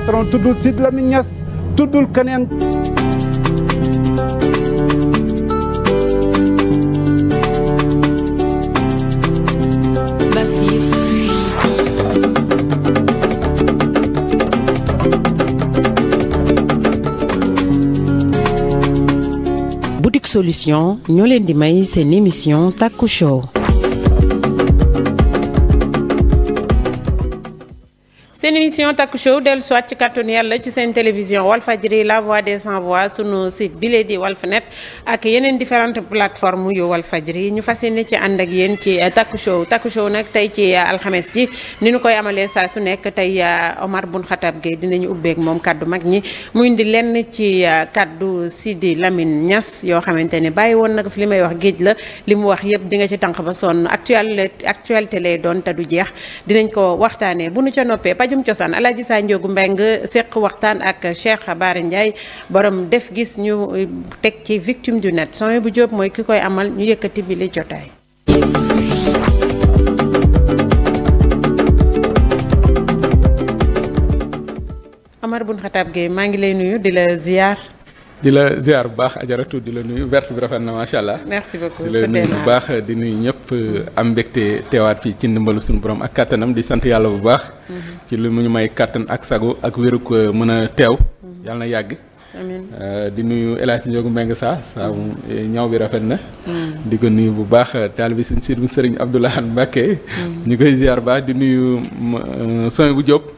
patron tuddul Sidy Lamine Niass tuddul keneen Boutique Solution ñoo leen di may seen émission Taku Show seen émission Taku Show dellu soit ci kàttanu yàlla ci seen télévision Walfadjri la voix des sans voix sunu site bile di Walfnet ak yeneen différentes plateformes yu Walfadjri ñu fas yéene ci ànd ak yéen ci eh, Taku Show Taku Show nag tey ci eh, alxames ji ni nu koy amale saa su nekk tey eh, Omar Bun Xatab dina ñu ubbeek moom kaddu mag ñi mu indi lenn ci kaddu Sidi Lamine ñas yoo xamante ne bàyyi woon nag fi li may wax géej la li mu wax yëpp di nga ci tànk ba sonn actualité actualité lay doon du jeex pajum cosaan alaaji Sa Ndiogou Mbengue seq waxtaan ak Cheikh Bara Ndiaye boroom def gis ñu teg ci victime du net son bu jóob mooy ki koy amal ñu yëkkati bi li jotaay Amar Bun Xataab maa ngi lay nuyu di la di la ziar bu baax ajaratu di la nuyu verte bi rafet na macha allah. merci beaucoup di la nuyu bu baax di nuyu ñëpp am mbégte teewaat fii ci ndimbalu suñ borom ak kattanam di sant yàlla bu baax. Mhm. ci li mu ñu may kattan ak sago ak wéruk mën a teew. Mhm. yàlla na yàgg. amiin euh, di nuyu El Hadj Ndiogou Mbengue saa saa mhm. eh, ñaw bi rafet na. di ko nuyu bu baax bi euh, taalibi suñu du sëriñ Abdoulaye Mbacke. ñu koy ziar baax di nuyu euh, Sonia bu Diop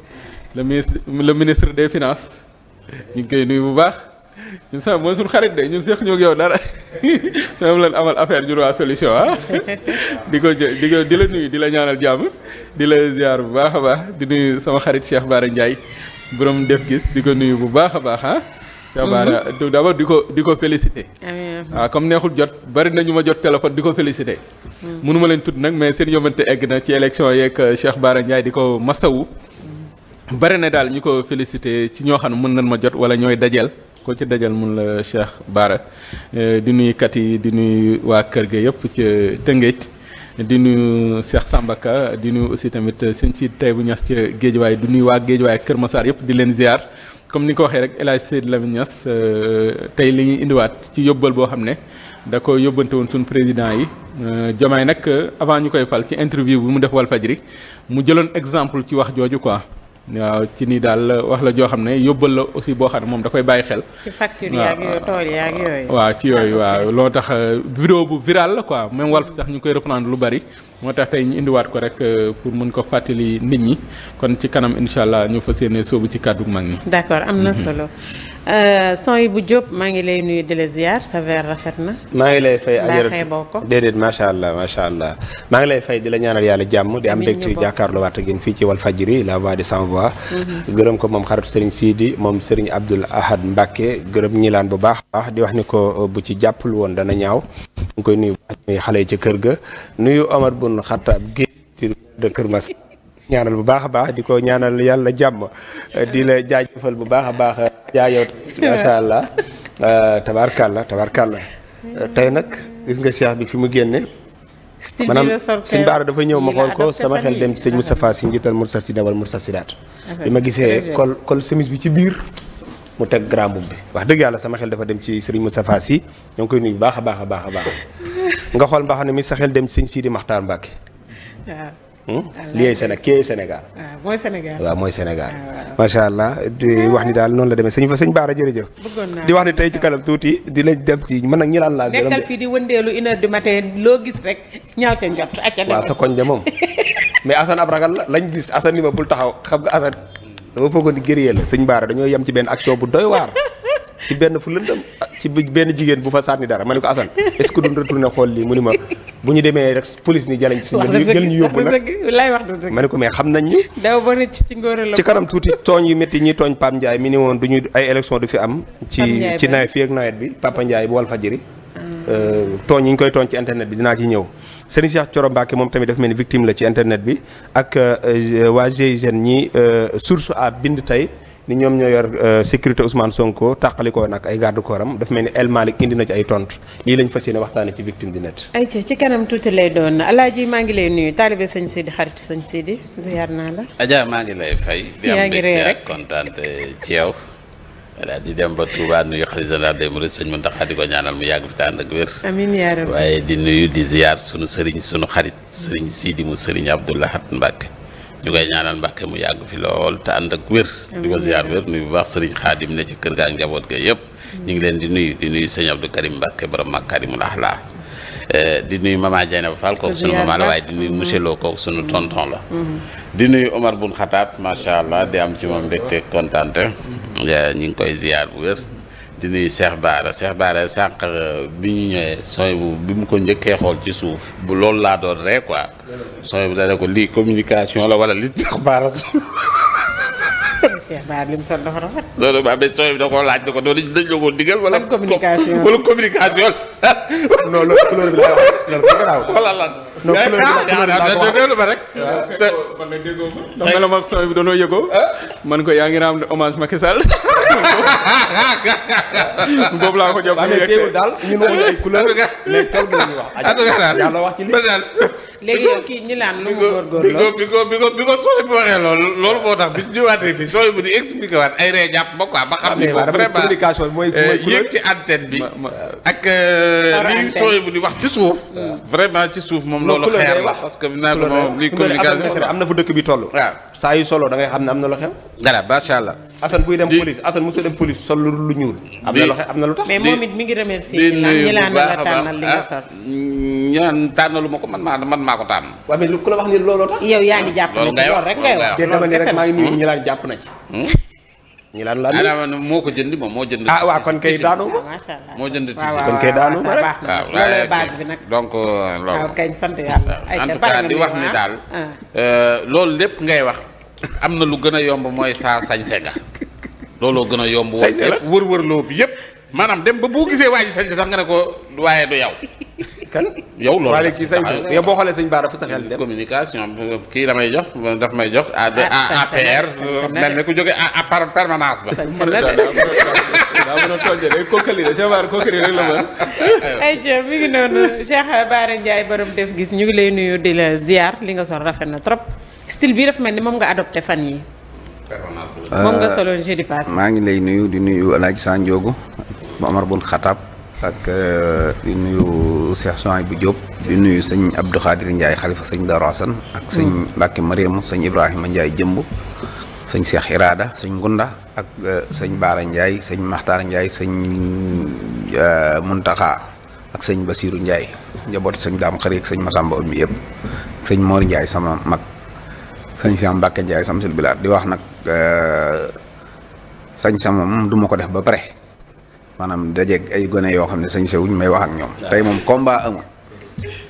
le ministre le ministre des finances ñu koy nuyu bu baax. ñun sama mooy suñu xarit de ñun seq ñu ak yow dara sama lan amal affaire Diourouwa solution ah di ko di ko di la nuyu di la ñaanal jàmm di la ziar bu baax a baax di nuyu sama xarit Cheikh Bara Ndiaye borom def gis di ko nuyu bu baax a baax ah. Cheikh Bara mhm. d'abord di ko di ko félicité. waaw ah, comme neexul jot bari na ñu ma jot téléphone di ko félicité. mënuma mhm. leen tudd nag mais seen yóbbante egg na ci élection yeeg euh, Cheikh Bara Ndiaye di ko masawu. Mhm. bari na daal ñu ko félicité ci ñoo xam ne mën nañ ma jot wala ñooy dajeel. ko ci dajal mun la Cheikh Bara eh, di nuyu kat yi di nuyu waa kër ga yëpp ca Tëngéej di nuyu Cheikh Samba di nuyu aussi tamit sëñ si tey bu ñas ca Géejawaay di nuyu waa géej Géejawaay Kër Masaar yëpp di leen ziar comme ni ko waxee rek El Hadj Seydou Lamine Niass eh, tey li ñuy indiwaat ci yóbbal boo xam ne da ko yóbbante woon suñu président yi eh, Diomaye nag avant ñu koy fal ci interview bi mu def wal ri mu jëloon exemple ci wax jooju quoi. waaw ci ni daal wax la joo xam ne yóbbal la aussi boo xam ne moom da koy bàyyi xel. ci facture yaag yooyu tool yaag yooyu. waaw ci yooyu waaw loo tax euh, vidéo bu viral la quoi même Walf sax ñu koy reprendre lu bari moo tax tey ñu indiwaat ko rek euh, pour mun ko fàttali nit ñi kon ci kanam incha allah ñu fas yéene soobu ci kàddu mag ñi. d'accord am na mhm. solo. Euh, son yi bu Diop maa ngi lay nuyu di la ziar sa verre rafet na. maa ngi lay fay ajaratu déedéet macha allah macha allah. maa ngi lay fay di la ñaanal yàlla jàmm di am mbégte jàkkaarloo waat ak yéen fii ci Walfadjri la voix de sans voix. Mhm. gërëm ko moom xaritu Serigne Sidi moom Serigne Abdoul Ahad Mbacke gërëm ñilaan bu baax baax di wax ni ko euh, bu ci jàppul woon dana ñaaw. mu koy nuyu baax ñuy xale yi ci kër ga nuyu Omar bun Xattaab Guèye de Kër Masar. ñaanal bu baax a baax di ko ñaanal yàlla jàmm di la jaajëfal bu baax a baax jaayow macha allah tabaarkàlla tabaarkàlla tey nag gis nga Cheikh bi fi mu génne maanaam sëñ Baara dafa ñëw ma xool ko sama xel dem ci sëñ Moustapha si njiital Moustarchidina wala Moustarchidaat bi ma gisee kol kol semis bi ci biir mu teg grand bi wax dëgg yàlla sama xel dafa dem ci sëriñ Moustapha si ñoo koy nuyu bu baax a baax a baax a baax nga xool mbaa xam ne mi sa xel dem ci sëñ Sidi Maxtaar Mbàkke Hmm? lii Sénégal kii Sénégal. waaw mooy Sénégal waaw mooy Sénégal. Ah, macha allah di wax ni daal noonu la demee sëñ fa sëñ Baara jërëjëf. di wax ni tey ci kanam tuuti di lañ dem ci mën nag ñi daan laa gërëm nekkal fii di wëndeelu une loo gis rek ñaaw ca njot. waaw sa koñ de moom mais Assane ab ragal lañ gis Assane ni bul taxaw xam nga Assane dama foogoon di gërëyee la sëñ Baara dañoo yem ci benn action bu doy waar. ci benn fu lëndëm ci benn jigéen bu fa sànni dara ma ne ko Assane est ce que duñ retourné xool lii mu ni ma bu ñu demee rek police ni jalañ ci suñu jël ñu ma ne ko mais xam nañ ñu daw ba rëcc ci tuuti tooñ yu métti ñi tooñ Pape Ndiaye mi ni woon ñu ay élection du fi am ci ci nawet fii ak nawet bi Papa Ndiaye bu Walfadjri ah. euh, tooñ yi ñu koy tooñ ci internet bi dinaa ci ñëw Serigne Cheikh Thioro Mbacké moom tamit dafa mel ni victime la ci internet bi ak euh, euh, waa GIGN ñi source a bind tey ni ñoom ñoo yor euh, sécurité Ousmane Sonko tàqali ko nag ay garde corps am dafa mel ni El Malick indi na ci ay tontu lii lañ fas yéene waxtaanee ci victime di net. ayca ci kanam tuuti lay doon alaaji maa ngi lay nuyu taalibe sëñ Sidi xarit sëñ Sidi ziar naa la. Adja maa ngi lay fay. yaa ngi rëy rek kontaan ci yow. voilà di dem ba Touba nuyu xarit général des mourides sëñ Mountakha di ko ñaanal mu yàgg fi tànn ak wér. amiin waaye di nuyu di ziar sunu sëriñ sunu xarit sëriñ Sidi mu sëriñ Abdoulahat Mbacke. ñu koy ñaanal Mbàkke mu yàgg fi lool te ànd ak wér di ko ziar wér nuyu bu baax sëriñ xaadim ne ci kër gaa njaboot ga yëpp ñu ngi leen di nuyu di nuyu sëñ Abdou Karim Mbàkke borom Makaarimul Axlaaq eh, di nuyu maman Dieynaba Fall kooku sunu maman la waaye di nuyu monsieur Lo kooku sunu tonton la di nuyu Omar bun Xataab macha allah di am ci moom mbégte kontaante eh, ñi ngi koy ziar bu wér di nuyu Cheikh Baara Cheikh Baara sànq eh, bi ñu ñëwee sooy bu bi mu ko njëkkee xool ci suuf bu loolu laa doon ree quoi sooy bu dalee ko lii communication la wala li Cheikh Bara sol. Cheikh Bara lim sol dafa rafet. loolu ba mais sooy bi da koo laaj da ko doon dañ la ko digal. wala communication wala communication. non loolu couleur bi lay wax wala lan. non couleur bi lay wax rek. man nag déggoo ko. sëñ bi man sooy bi doonoo yëgoo. man ko yaa ngi raam hommage Macky Sall. boobu laa ko jóg. waaw mais teewul daal ñun waxuñu ay couleur. mais kaw gi la ñuy wax. yàlla wax ci lii. léegi yow kii ñu naan lu mu góorgóorloo bi ko bi ko bi ko loolu loolu moo tax bi ñu ñëwaatee fii sooy bu di expliqué waat ay ree jàpp ba quoi ba xam ne ah, vraiment communication mooy euh, yéeg ci antenne bi ak euh, lii sooy di wax ci suuf vraiment ci suuf moom loolu xeer la parce que naa ko moom lii communication am na fu dëkk bi toll waaw saa yu solo da ngay xam ne am na lu xew. dara macha allah. buy dem police Assane mos dem police sol lu ñuul. am na lu xew am na lu tax. mais moom it mi ngi remercier ñi tànnalu ma ko man maa man maa ko tànn. waaw mais lu ku la wax ni looloo tax. yow yaa ngi jàpp na ci loolu rek ngay wax maa ngi nuyu hmm? ñi jàpp na ci. Hmm? ñu lan lan Adama moo ko jënd moom moo jënd. ah, ah waaw kon kay daanu ma macha allah moo jënd ci kon kay daanu ma rek waaw looloo base bi nag donc euh, loolu kañ sant yàlla en tout cas di wax ni ah. daal ah. Euh, loolu lépp ngay wax am na lu gën a yomb mooy saa sañse ga looloo gën a yomb wër wër loo bi yépp maanaam dem ba boo gisee waa ji sañse sax nga ne ko waaye du yow kan yow loolu Malick ci ah, yow boo xoolee sëñ Bara fa sa xel dem communication kii damay jox daf may jox APR ah, mel ne ku jóge à permanence ba waaw mën na tool de rek kookali la ca waar kookali rek la mën. ngi noonu Cheikh Bara Ndiaye borom def gis ñu ngi lay nuyu di la ziar li nga sol rafet na trop style bii dafa mel ni moom nga adopté fan yi moom nga soloon jeudi passé. maa ngi lay nuyu di nuyu El Hadj Sanjogo Omar bun Xataab. ak euh, di nuyu Cheikh Souhaï bu Diop di nuyu sëñ Abdou Khadir Ndiaye xalifa sëñ Darou Assane ak sëñ mm. Mbacke Mariamu sëñ Ibrahima Ndiaye jëmb sëñ Cheikh Irada sëñ Gunda ak euh, sëñ Baara Ndiaye sëñ Makhtar Ndiaye sëñ euh, Muntaxa ak sëñ Basiru Ndiaye njaboot sëñ Daam Xari ak sëñ Masamba mi yëpp sëñ Mor Ndiaye sama mag sëñ Cheikh Mbacke Ndiaye sama silbilaat di wax nag sañ sa moom duma ko def ba pare maanaam dajeeg ay gone yoo xam ne sañ ñu may wax ak ñoom tey moom combat amul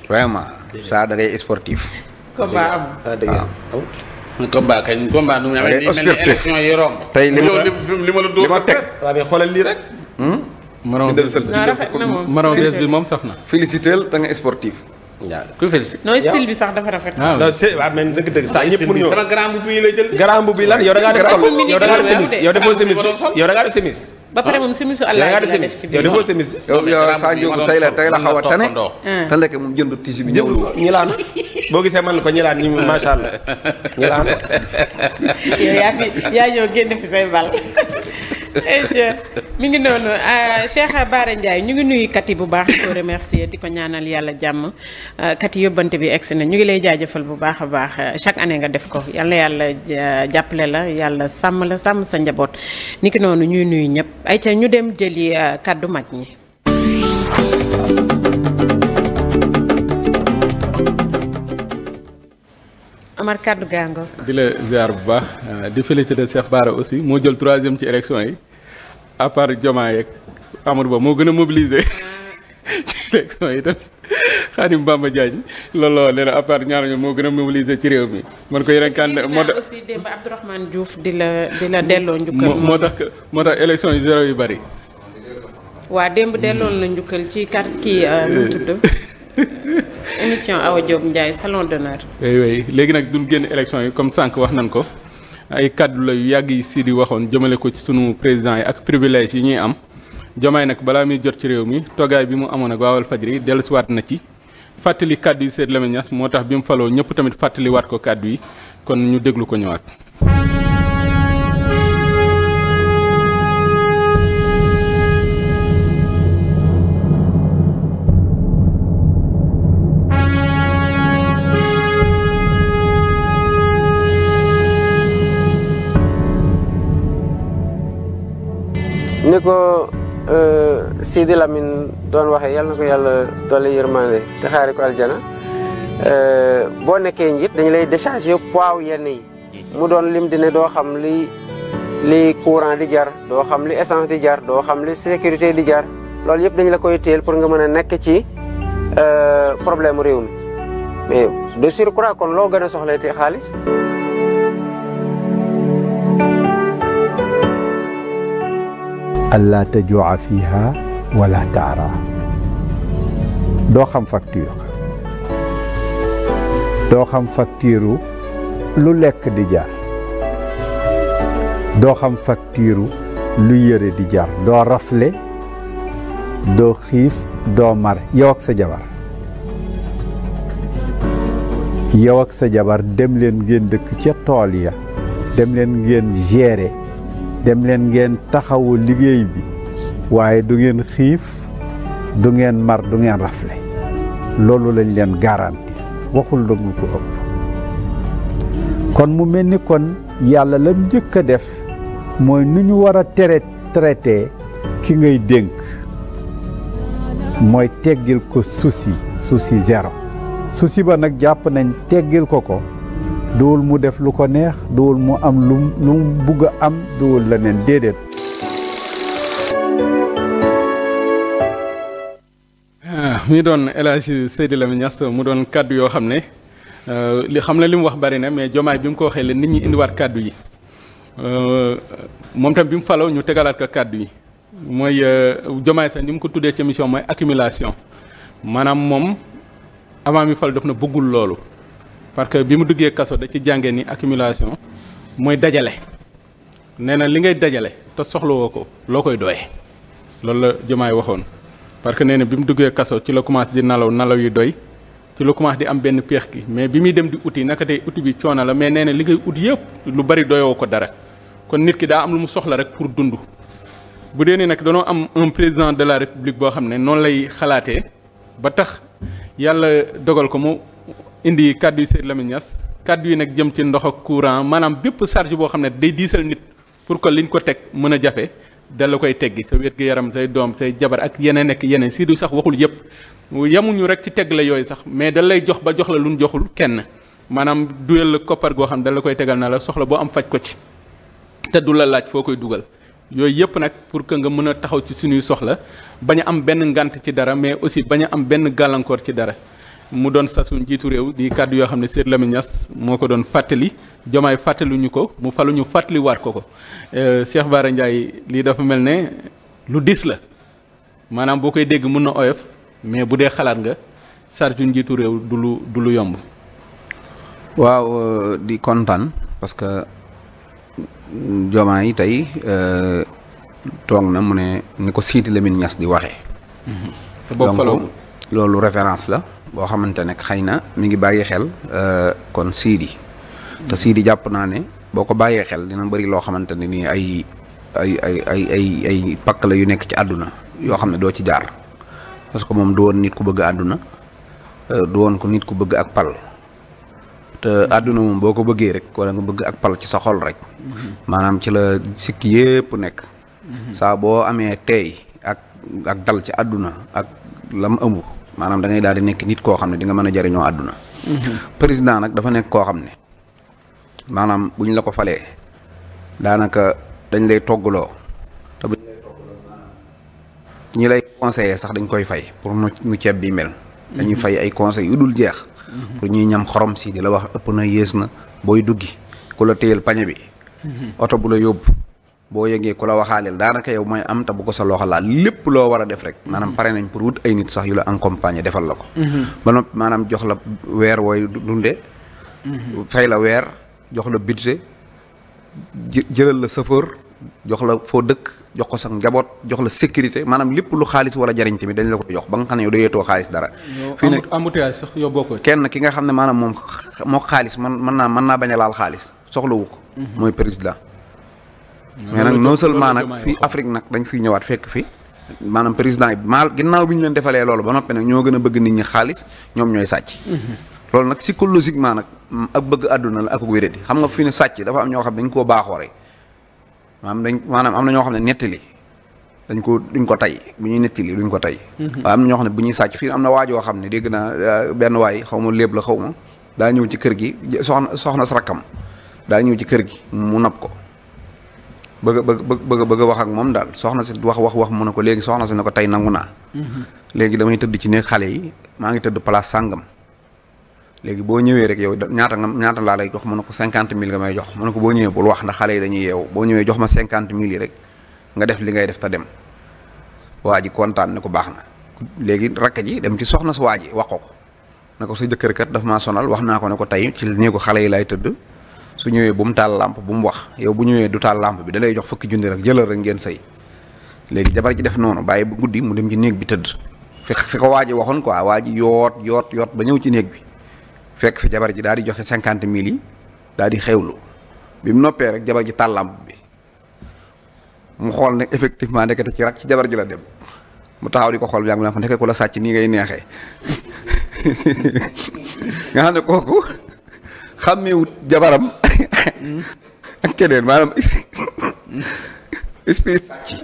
vraiment ça da ngay sportif combat amul waaw ah, ah. ah. combat kañ combat nu mu mel ni élection yi romb tey li ma la dóor ma teg waaw mais xoolal lii rek maron maron bees bi moom saf na félicité te nga sportif waaw ku félicité non style bi sax dafa rafet waaw mais dëgg dëgg sax ñëpp mënuñoo bi la jël grand bu bi lan yow da ngaa def semis yow defoo semis yow da def semis ba pare moom simisu allah la def ci biir saa njóogu tey la tey la xaw a tane ah. te lekk moom jënd tisi bi jëndu ñilaan boo gisee man ko ñilaan ñi macha allah ñilaan yaa ñëw génn fi say bal eh, mi ngi noonu euh, Cheikh Bara Ndiaye ñu ngi nuyu kat yi bu baax di remercier di ko ñaanal yàlla jàmm euh, kat yi yóbbante bi egsi na ñu ngi lay jaajëfal bu baax a baax chaque année nga def ko yàlla yàlla euh, jàppale la yàlla sàmm la sàmm sa njaboot ni ki noonu ñuy nuyu ñëpp ay ca ñu dem jël jëli kàddu mag ñi. Amar kàddu gaango di la ziar bu baax di féliciter Cheikh Bara aussi moo jël troisième ci élection yi. à part Diomaye yeeg Amadou Ba moo gën a mobiliser ci élection yi tamit Khadim Bamba Diagne loolu la nee na à part moo gën a mobiliser ci réew mi. man ko yeneen candidat moo tax aussi démb Abdourahmane Diouf di la delloo njukkal. moo tax moo tax zéro yu bari. waa démb delloon la njukkal ci kat kii euh, nu tudd émission Awa Diop Ndiaye salon d'honneur. oui oui léegi nag du génn élection yi comme sànq wax nañ ko. ay kàddu la yu yàgg yi di waxoon jëmale ko ci sunu président yi ak privilège yi ñuy am Diomaye nag balaa muy jot ci réew mi toogaay bi mu amoon ak waawal fajri dellusiwaat na ci fàttali kaddu yi Sidy Lamine moo tax bi mu faloo ñëpp tamit fàttali waat ko kàddu yi kon ñu déglu ko ñëwaat. ni ko euh, Sidi Lamine doon waxee yàlla ko yàlla dolli yërmande te xaari ko aljana euh, boo nekkee njiit dañ lay décharger poids yenn yi mu doon lim di doo xam li li courant di jar doo xam li essence di jar doo xam li sécurité di jar loolu yëpp dañ la koy téel pour nga mën a nekk ci euh, problème réew mi mais de surcroît kon loo gën a te xaalis allah tajua fiha wala taara doo xam facture doo xam facture lu lekk di jaar doo xam facture lu yëre di jaar doo rafle doo xiif doo mar yow ak sa jabar yow ak sa jabar dem leen ngeen dëkk ca tool ya dem leen ngeen gérer dem leen ngeen taxawu liggéey bi waaye du ngeen xiif du ngeen mar du ngeen rafle loolu lañ leen garanti waxul lu ko ëpp kon mu mel ni kon yàlla lam njëkk a def mooy nu ñu war a tere traité ki ngay dénk mooy teggil ko souci souci zéro susi ba nag jàpp nañ teggil ko ko duwul mu def lu ko neex duwul mu am lu lu mu bugg a am duwul leneen déedéet. Ah, mi doon élage Hadj Seydi Lamine Niass mu doon kàddu yoo xam ne euh, li xam na li mu wax bari na mais jomaay bi mu ko waxee la nit ñi indiwaat kàddu yi euh, moom tam bi mu faloo ñu tegalaat ko kàddu yi mooy euh, jomaay sax ni mu ko tuddee ci émission mooy accumulation maanaam moom avant mi fal daf na bëggul loolu. parce que bi mu duggee kaso da ci jàngee ni accumulation mooy dajale nee na li ngay dajale te soxlawoo ko loo koy doyee loolu la Diomaye waxoon parce que nee na bi mu duggee kaso ci la commencé di nalaw nalaw yu doy ci la commencé di am benn peex gi mais bi muy dem di uti naka tey uti bi coono la mais nee na li ngay ut yëpp lu bari doyoo ko dara kon nit ki daa am lu mu soxla rek pour dund bu dee ni nag danoo am un président de la république boo xam ne noonu lay xalaatee ba tax yàlla dogal ko mu indi kàddu yi Seydou Lamine kàddu yi nag jëm ci ndox ak courant maanaam bépp charge boo xam ne day diisal nit pour que liñ ko teg mën a jafe da koy teggi sa wér gu yaram say doom say jabar ak yeneen nekk yeneen si du sax waxul yëpp yemuñu rek ci teg la yooyu sax mais da lay jox ba jox la luñ joxul kenn maanaam duyal la koppar goo xam ne da la koy tegal na la soxla boo am faj ko ci te du la laaj foo koy dugal yooyu yëpp nag pour que nga mën a taxaw ci suñuy soxla bañ am benn ngant ci dara mais aussi bañ a am benn gàllankoor ci dara mu doon sasu njiitu réew di kàddu yoo xam ne Sidy Lamine Niass moo ko doon fàttali jomaay fàttaluñu ko mu faluñu fàttali waat ko ko euh, Cheikh Bara Ndiaye lii dafa mel ne lu diis la maanaam boo koy dégg mën na oyof mais bu dee xalaat nga sarju njiitu réew du lu du lu yomb. waaw euh, di kontaan parce que jomaay tey euh, toog na mu ne ni ko Sidy Lamine Niass di waxee. Mm-hmm. donc loolu référence la. boo xamante ne xëy na mi ngi bàyyi xel euh, kon siidi te siidi jàpp naa ne boo ko bàyyee xel dina bëri loo xamante ne nii ay ay ay ay ay ay yu nekk ci àdduna yoo xam ne doo ci jaar parce que moom du woon ku bëgg àdduna euh, du woon ko ku bëgg ak pal te àdduna moom boo ko bëggee rek wala nga bëgg ak pal ci sa xol rek mm-hmm. maanaam ci la sikk yépp nekk mm-hmm. saa boo amee teey ak ak dal ci àdduna ak lam amu maanaam da daal di nekk nit koo xam ne di mën a jariñoo àdduna mhm. président nag dafa nekk koo xam ne maanaam bu ñu la ko falee daanaka dañ lay toggaloo te bu ñu lay ñi lay conseiller sax dañ koy fay pour mu ceeb bii mel mhm. dañuy fay ay conseils yu dul jeex mhm. pour ñuy ñam xorom si di la wax ëpp na yées na booy duggi ku la téyel pañe bi oto bu la yóbbu boo yëgee ku la waxaaleel daanaka yow mooy am te bu ko sa loxo laal lépp loo war a def rek maanaam pare nañ pour wut ay nit sax yu la accompagner defal la ko mm-hmm. ba noppi maanaam jox la weer wooy dunde mm-hmm. fay la weer jox la budget jëlal la chauffeur jox la foo dëkk jox ko sax njaboot jox la sécurité maanaam lépp lu xaalis wala jariñ tamit dañ la ko jox ba nga xam ne yow doyeetoo xaalis dara. fii nag embouteillage sax kenn ki nga xam ne maanaam moom moo xaalis man mën naa mën naa bañ a laal xaalis soxlawu ko. Mm-hmm. mooy président. mais nag non seulement nag fii Afrique nag dañ fiy ñëwaat fekk fi maanaam président yi maal ginnaaw bi ñu leen defalee loolu ba noppi nag ñoo gën a bëgg nit ñi xaalis ñoom ñooy sàcc loolu nag psychologiquement nag ak bëgg àdduna la ak wéradi xam nga fi ne sàcc dafa am ñoo xam ne dañ koo baaxoore maanaam dañ maanaam am na ñoo xam ne nettali dañ ko duñ ko tey bu ñuy nettali duñ ko tay mhm. waaye am na ñoo xam ne bu ñuy sàcc fii am na waajoo xam ne dégg naa euh, benn waay xaw ma léeb la xaw ma daa ñëw ci kër gi soxna soxna sarakam daa ñëw ci kër gi mu nab ko bëgg a bëgg bëgg a wax ak moom daal soxna si wax wax wax mu ne ko léegi soxna si ne ko tey nangu naa. Mm-hmm. léegi damay tëdd ci néeg xale yi maa ngi tëdd place sàngam. léegi boo ñëwee rek yow ñaata nga ñaata laa lay jox mu ne ko cinquante mille nga may jox mu ne ko boo ñëwee bul wax ndax xale yi dañuy yeewu boo ñëwee jox ma cinquante mille rek nga def li ngay def ta dem. waa ji kontaan ne ko baax na léegi rakk ji dem ci soxna si waa ji wax ko ko ne ko sa jëkkër kat daf maa sonal wax naa ko ne ko tey ci néegu xale yi laay tëdd. su ñëwee bu mu tàll làmp bu mu wax yow bu ñëwee du taal làmp bi dalay jox fukki junni rek jëlal rek ngeen sëy léegi jabar ji def noonu bàyyi ba guddi mu dem ci néeg bi tëdd fi ko waa ji waxoon quoi waa ji yoot yoot yoot ba ñëw ci néeg bi fekk fi jabar ji daal di joxe cinquante mille yi daal di xewlu bi mu noppee rek jabar ji taal làmp bi mu xool ne effectivement ndekete ci rak ci jabar ji la dem mu taxaw di ko xool yaa ngi fa ndeke ku la sàcc nii ngay neexee nga xam ne kooku. xàmmeewut jabaram ak keneen maanaam esprit sàcc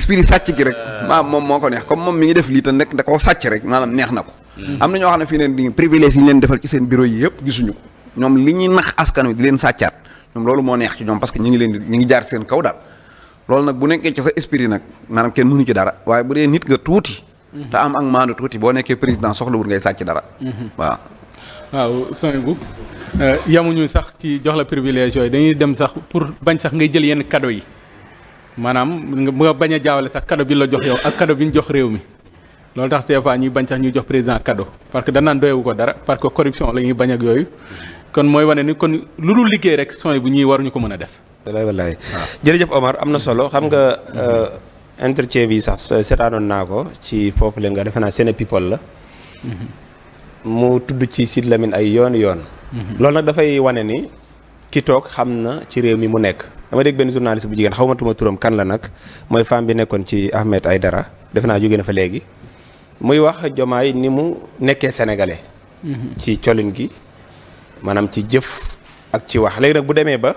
esprit sàcc gi rek maanaam moom moo ko neex comme moom mi ngi def lii te nekk da sàcc rek maanaam neex na ko mm-hmm. am na ñoo xam ne fii neen di privilège yi ñu leen defal ci seen bureau yi yëpp gisuñu ko ñoom li ñuy nax askan wi di leen sàccaat ñoom loolu moo neex ci ñoom parce que ñu ngi leen di ñu ngi jaar seen kaw daal loolu nag bu nekkee ci sa esprit nag maanaam kenn mënu ci dara waaye bu dee nit nga tuuti mm-hmm. te am ak maandu tuuti boo nekkee président soxlawul ngay sàcc dara mm-hmm. waaw Sonibou eh, yamuñu sax ci jox la privilège yooyu dañuy dem sax pour bañ sax ngay jël yenn cadeau yi maanaam nga bañ a jaawale sax cadeau bi la jox yow ak cadeau bi ñu jox réew mi loolu tax des fois ñuy bañ sax ñu jox président cadeau parce que danaan doyewu ko dara parce que corruption la ñuy bañ ak yooyu kon mooy wane ni kon lu dul liggéey rek sony bu ñuy waruñu ko mën a def. wallaay wallaay jërëjëf Omar am na solo xam nga eh, entretien bi sax seetaanoon naa ko ci foofu la defe naa seen people la. Mhm. mu tudd ci Sidy Lamine ay yoon yoon. Mhm. loolu nag dafay wane ni ki toog xam na ci réew mi mu nekk. dama dégg benn journaliste bu jigéen xaw ma turam kan la nag mooy femme bi nekkoon ci ay dara def naa jóge na fa léegi muy wax jomaay ni mu nekkee sénégalais. Mhm. ci colin gi maanaam ci jëf ak ci wax léegi nag bu demee ba.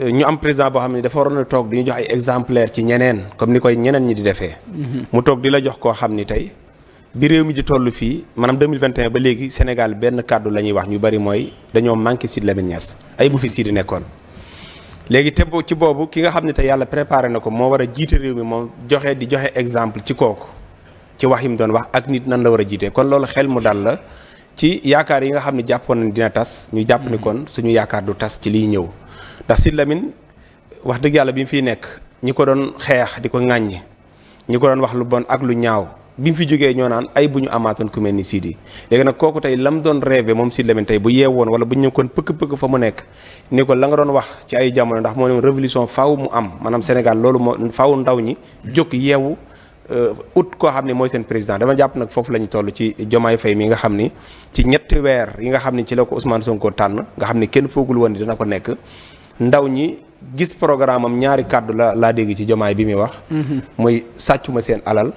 ñu am président boo xam ne dafa waroon a toog di ñu jox ay exemplaire ci ñeneen comme ni koy ñeneen ñi di defee. Mhm. mu toog di la jox koo xam ni tey bi réew mi di toll fii maanaam 2021 ba léegi Sénégal benn kàddu la ñuy wax ñu bari mooy dañoo manqué Sidy Lamine Niass ay bu fi Sidy nekkoon. léegi te boo ci boobu ki nga xam ne te yàlla préparé na ko moo war a jiite réew mi moom joxe di joxe exemple ci kooku ci wax yi mu doon wax ak nit nan la war a jiitee kon loolu xel mu dal la ci yaakaar yi nga xam ne jàppoon nañ dina tas ñu jàpp ni kon suñu yaakaar du tas ci liy ñëw ndax Sidy Lamine wax dëgg yàlla bi mu fiy nekk ñi ko doon xeex di ko ŋàññi ñi ko doon wax lu bon ak lu ñaaw. bi mu fi jógee ñoo naan ay bu ñu amaatoon ku mel ni Sidi léegi nag kooku tey lam doon rêvé moom Sidi Lamine tey bu yeewoon wala bu ñu kon pëkk-pëkk fa mu nekk ni ko la nga doon wax ci ay jamono ndax moo ne révolution faaw mu am maanaam Sénégal loolu moo faaw ndaw ñi jóg yeewu euh, ut koo xam ne mooy seen président dama jàpp nag foofu la toll ci Jomaay Fay mi nga xam ni ci ñetti weer yi nga xam ni ci la ko Ousmane Sonko tànn nga xam ni kenn foogul woon dina ko nekk ndaw ñi gis programme am ñaari kàddu la laa dégg ci Jomaay bi muy wax mm-hmm. muy sàccuma seen alal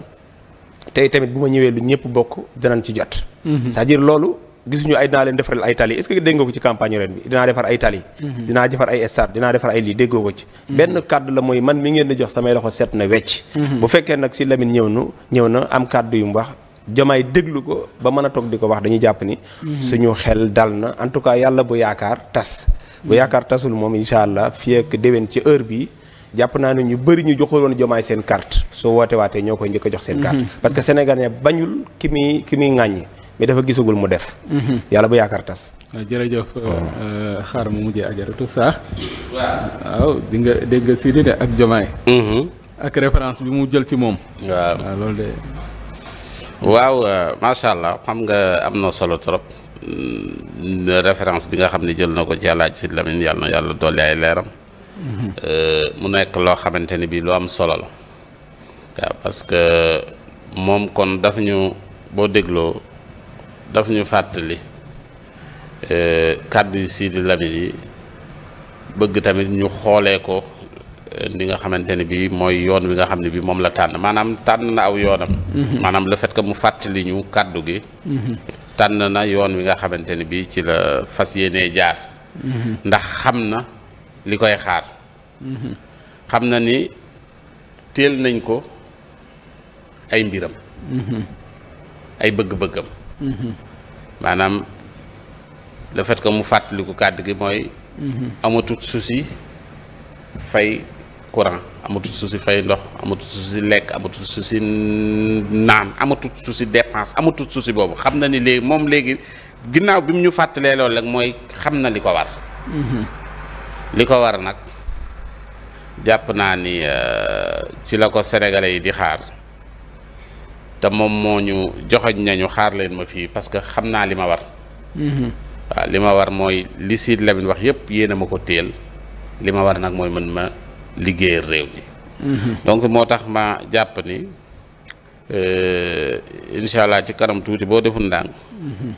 tey tamit bu ma ñëwee lu ñëpp bokk danañ ci jot mhm. cest à loolu gisuñu ay dinaa leen defaral ay tali est-ce ko ci campagne ren bi dinaa defar ay tali mhm. dinaa defar ay stade defar ay lii déggoo ko ci mhm. benn kàddu la mooy man mi ngeen di jox samay loxo set na wecc bu fekkee nag si Lamine ñëw nu ñëw na am kàddu yu mu wax jomaay déglu ko ba mën a toog di ko wax dañuy jàpp ni suñu xel dal na en tout cas yàlla bu yaakaar tas bu yaakaar tasul moom incha allah fii ak déwén ci heure bi jàpp naa ne ñu bari ñu joxuloon jomaay seen carte soo woote waatee ñoo koy njëkk jox seen carte mhm. parce que sénégalais bañul ki muy ki muy ŋàññi mais dafa gisagul mu def mhm. yàlla bu yaakaar tas euh, jërëjëf euh, euh, xaar mu mujjee ajaratu saa waaw di nga dégg si ak jomaay mhm. ak référence bi mu jël ci moom waaw loolu de waaw allah xam nga am na solo trop mm, référence bi nga xam ne jël na ko ci àlaaj si Lamine yàlla na yàlla dolli ay leeram Euh, mu nekk loo xamante ni bi lu am solo la waaw parce que moom kon daf ñu boo dégloo daf ñu fàttali euh, kàddu yu Sidi Lamine yi bëgg tamit ñu xoolee ko li euh, nga xamante ne bii mooy yoon wi nga xam ne bii moom la tànn maanaam tànn na aw yoonam. Mm-hmm. maanaam le fait que mu fàttali ñu kàddu gi. Mm-hmm. tànn na yoon wi nga xamante ne bii ci la fas yéenee jaar. Mm-hmm. ndax xam na. li koy xaar xam na ni teel nañ ko ay mbiram ay bëgg-bëggam maanaam dafet ko mu fàttaliku kàddu gi mooy amatut souci fay courant amatut souci fay ndox amatut souci lekk amatut souci naan amatut souci dépense amatut suusi boobu xam na ni léegi moom léegi ginnaaw bi mu ñu fàttalee loolu rek mooy xam na li ko war li ko war nag jàpp naa ni euh, ci la ko sénégalais yi di xaar te moom moo ñu joxoñ nañu xaar leen ma fii parce que xam naa li ma war mhm. waaw li ma war mooy li Sidy Lamine wax yépp yéen a ma ko téel li ma war nag mooy mën ma liggéeyal réew mi mhm. donc moo tax ma jàpp ni euh, incha allah ci kanam tuuti boo deful ndànk mhm.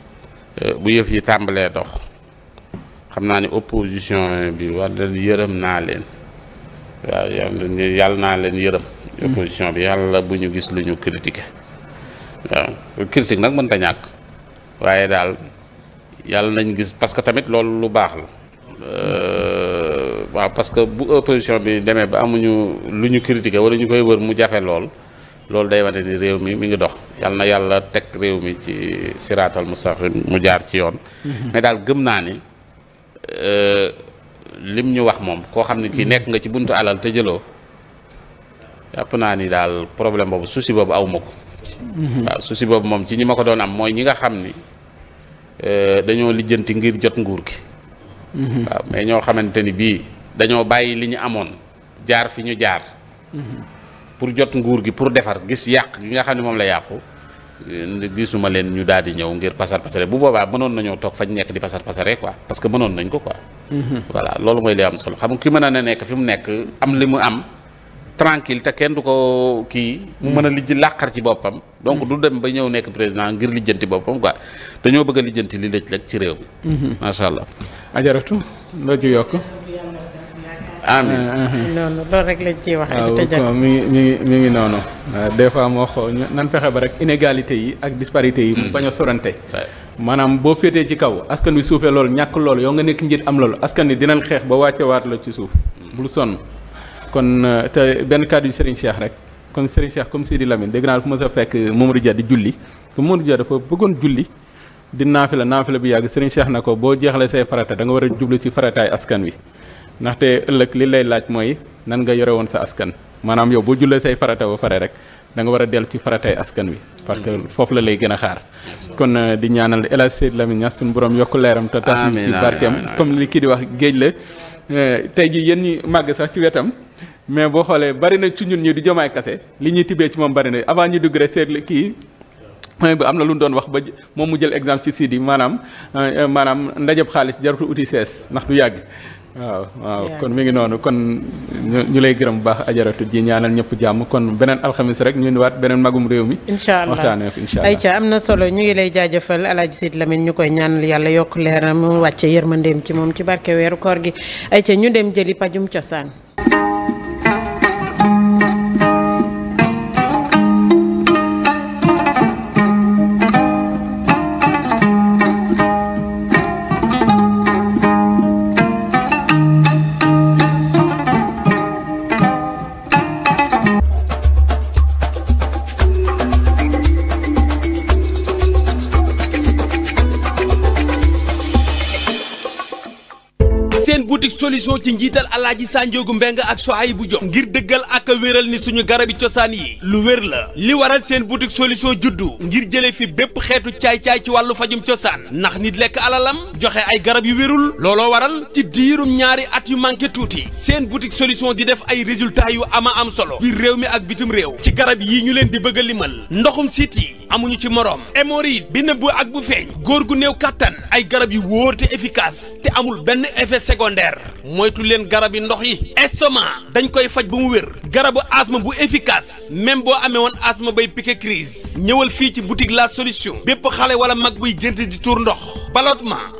euh, bu yëf yi tàmbalee dox xam naa ne opposition bi war na yërëm naa leen waaw yàlla naa leen yërëm. Hmm. opposition bi yàlla bu ñu gis lu ñu critiquer waaw critique nag mënta ñàkk waaye daal yàlla nañ gis parce que tamit lool lu baax la euh, waaw parce que bu opposition bi demee ba amuñu lu ñu critiquer wala ñu koy wër mu jafe lool loolu day wane ni réew mi mi ngi dox yàlla na yàlla teg réew mi ci siraatal mustaqim mu jaar ci yoon. Hmm. mais daal gëm naa ni. Euh, lim ñu wax moom koo xam ne kii nekk nga ci buntu alal te jëloo yàpp naa ni daal problème boobu souci boobu awma ko mhm. waaw souci boobu moom ci ñi ma ko doon am mooy ñi nga xam ni euh, dañoo lijjanti ngir jot nguur gi mhm. waaw mais ñoo xamante ni bii dañoo bàyyi li ñu amoon jaar fi ñu jaar mhm. pour jot nguur gi pour defar gis yàq gi nga xam ne moom la yàqu gisuma leen ñu daal di ñëw ngir pasar pasare bu boobaa mënoon nañoo toog fañ nekk di pasar pasare quoi parce mënoon nañ ko quoi. Mhm. voilà loolu mooy li am solo xam nga ki mën a nekk fi mu nekk am li mu am. tranquille te kenn du ko kii. mu mën a mhm. lijji làqar ci boppam. donc du mhm. dem ba ñëw nekk président ngir lijjanti boppam quoi dañoo bëgg a lijjanti li lëj lëj ci réew mi. macha allah. ajaratu loo yokk. amiin ah, ah, ah. loolu loolu rek lañ ciy wax. waaw mi ngi mi ngi mi ngi noonu. des fois moo xoo ñu nan fexe ba rek inégalité yi ak disparité yi. bañ a sorante. maanaam boo féetee ci kaw askan wi suufee loolu ñàkk loolu yoo nga nekk njiit am loolu askan wi dinañ xeex ba wàcce waat la ci suuf. bul sonn kon euh, te benn kàddu yu Serigne Cheikh rek kon Serigne Cheikh comme Sidi Lamine dégg naa fu ma sa fekk Mamadou Dia di julli te Mamadou Dia dafa bëggoon julli. di naafila naafila bi yàgg Serigne Cheikh na ko boo jeexalee say farata da war a jublu ci farataay askan wi. ndaxte ëllëg li lay laaj mooy nan nga yore woon sa askan maanaam yow boo jullee say farata ba pare rek danga nga war a dellu ci faratay askan wi. parce que foofu la lay gën a xaar. kon euh, di ñaanal El Hadj Seydou Lamine Niass suñu borom yokk leeram te tax ñu ci barkeem comme li kii di wax géej la euh, tey jii yéen ñi màgg sax ci wetam. mais boo xoolee bari na ci ñun ñi di jomaay kase li ñuy tibbee ci moom bari na avant ñu dugg rek seetlu kii bi am na lu mu doon wax ba moom mu jël exemple ci Sidi maanaam euh, maanaam ndajeb xaalis jarutu uti sees ndax du yàgg. waaw waaw kon mu ngi noonu kon ñu lay gërëm bu baax ajaratu ji ñaanal ñëpp jàmm kon beneen alxamis rek ñu waat beneen magum réew mi incha allah waxtaanee ko incha allah ayca am na solo ñu ngi lay jaajëfal alaaji Sidy Lamine ñu koy ñaanal yàlla yokk leeram wàcce yërmandeem ci moom ci barke weeru koor gi ca ñu dem jëli pajum cosaan politique solution ci njiital alaaji Sanjoogu Mbeng ak Sohaybu Jóob ngir dëggal ak wéral ni suñu garabi cosaan yi lu wér la li waral seen boutique solution juddu ngir jële fi bépp xeetu caay-caay ci wàllu fajum cosaan ndax nit lekk alalam joxe ay garab yu wérul looloo waral ci diirum ñaari at yu manqué tuuti seen boutique solution di def ay résultats yu ama am solo biir réew mi ak bitim réew ci garab yi ñu leen di bëgg a limal ndoxum siit yi amuñu ci moroom hémorroïde bi nëbbu ak bu feeñ góor gu néew kàttan ay garab yu wóor te efficace te amul benn effet secondaire moytu leen garab yi ndox yi estomac dañ koy faj ba mu wér garabu asthme bu efficace même boo amee woon asthme bay piqué crise ñëwal fii ci boutique la solution bépp xale wala mag buy gént di tuur ndox ballottement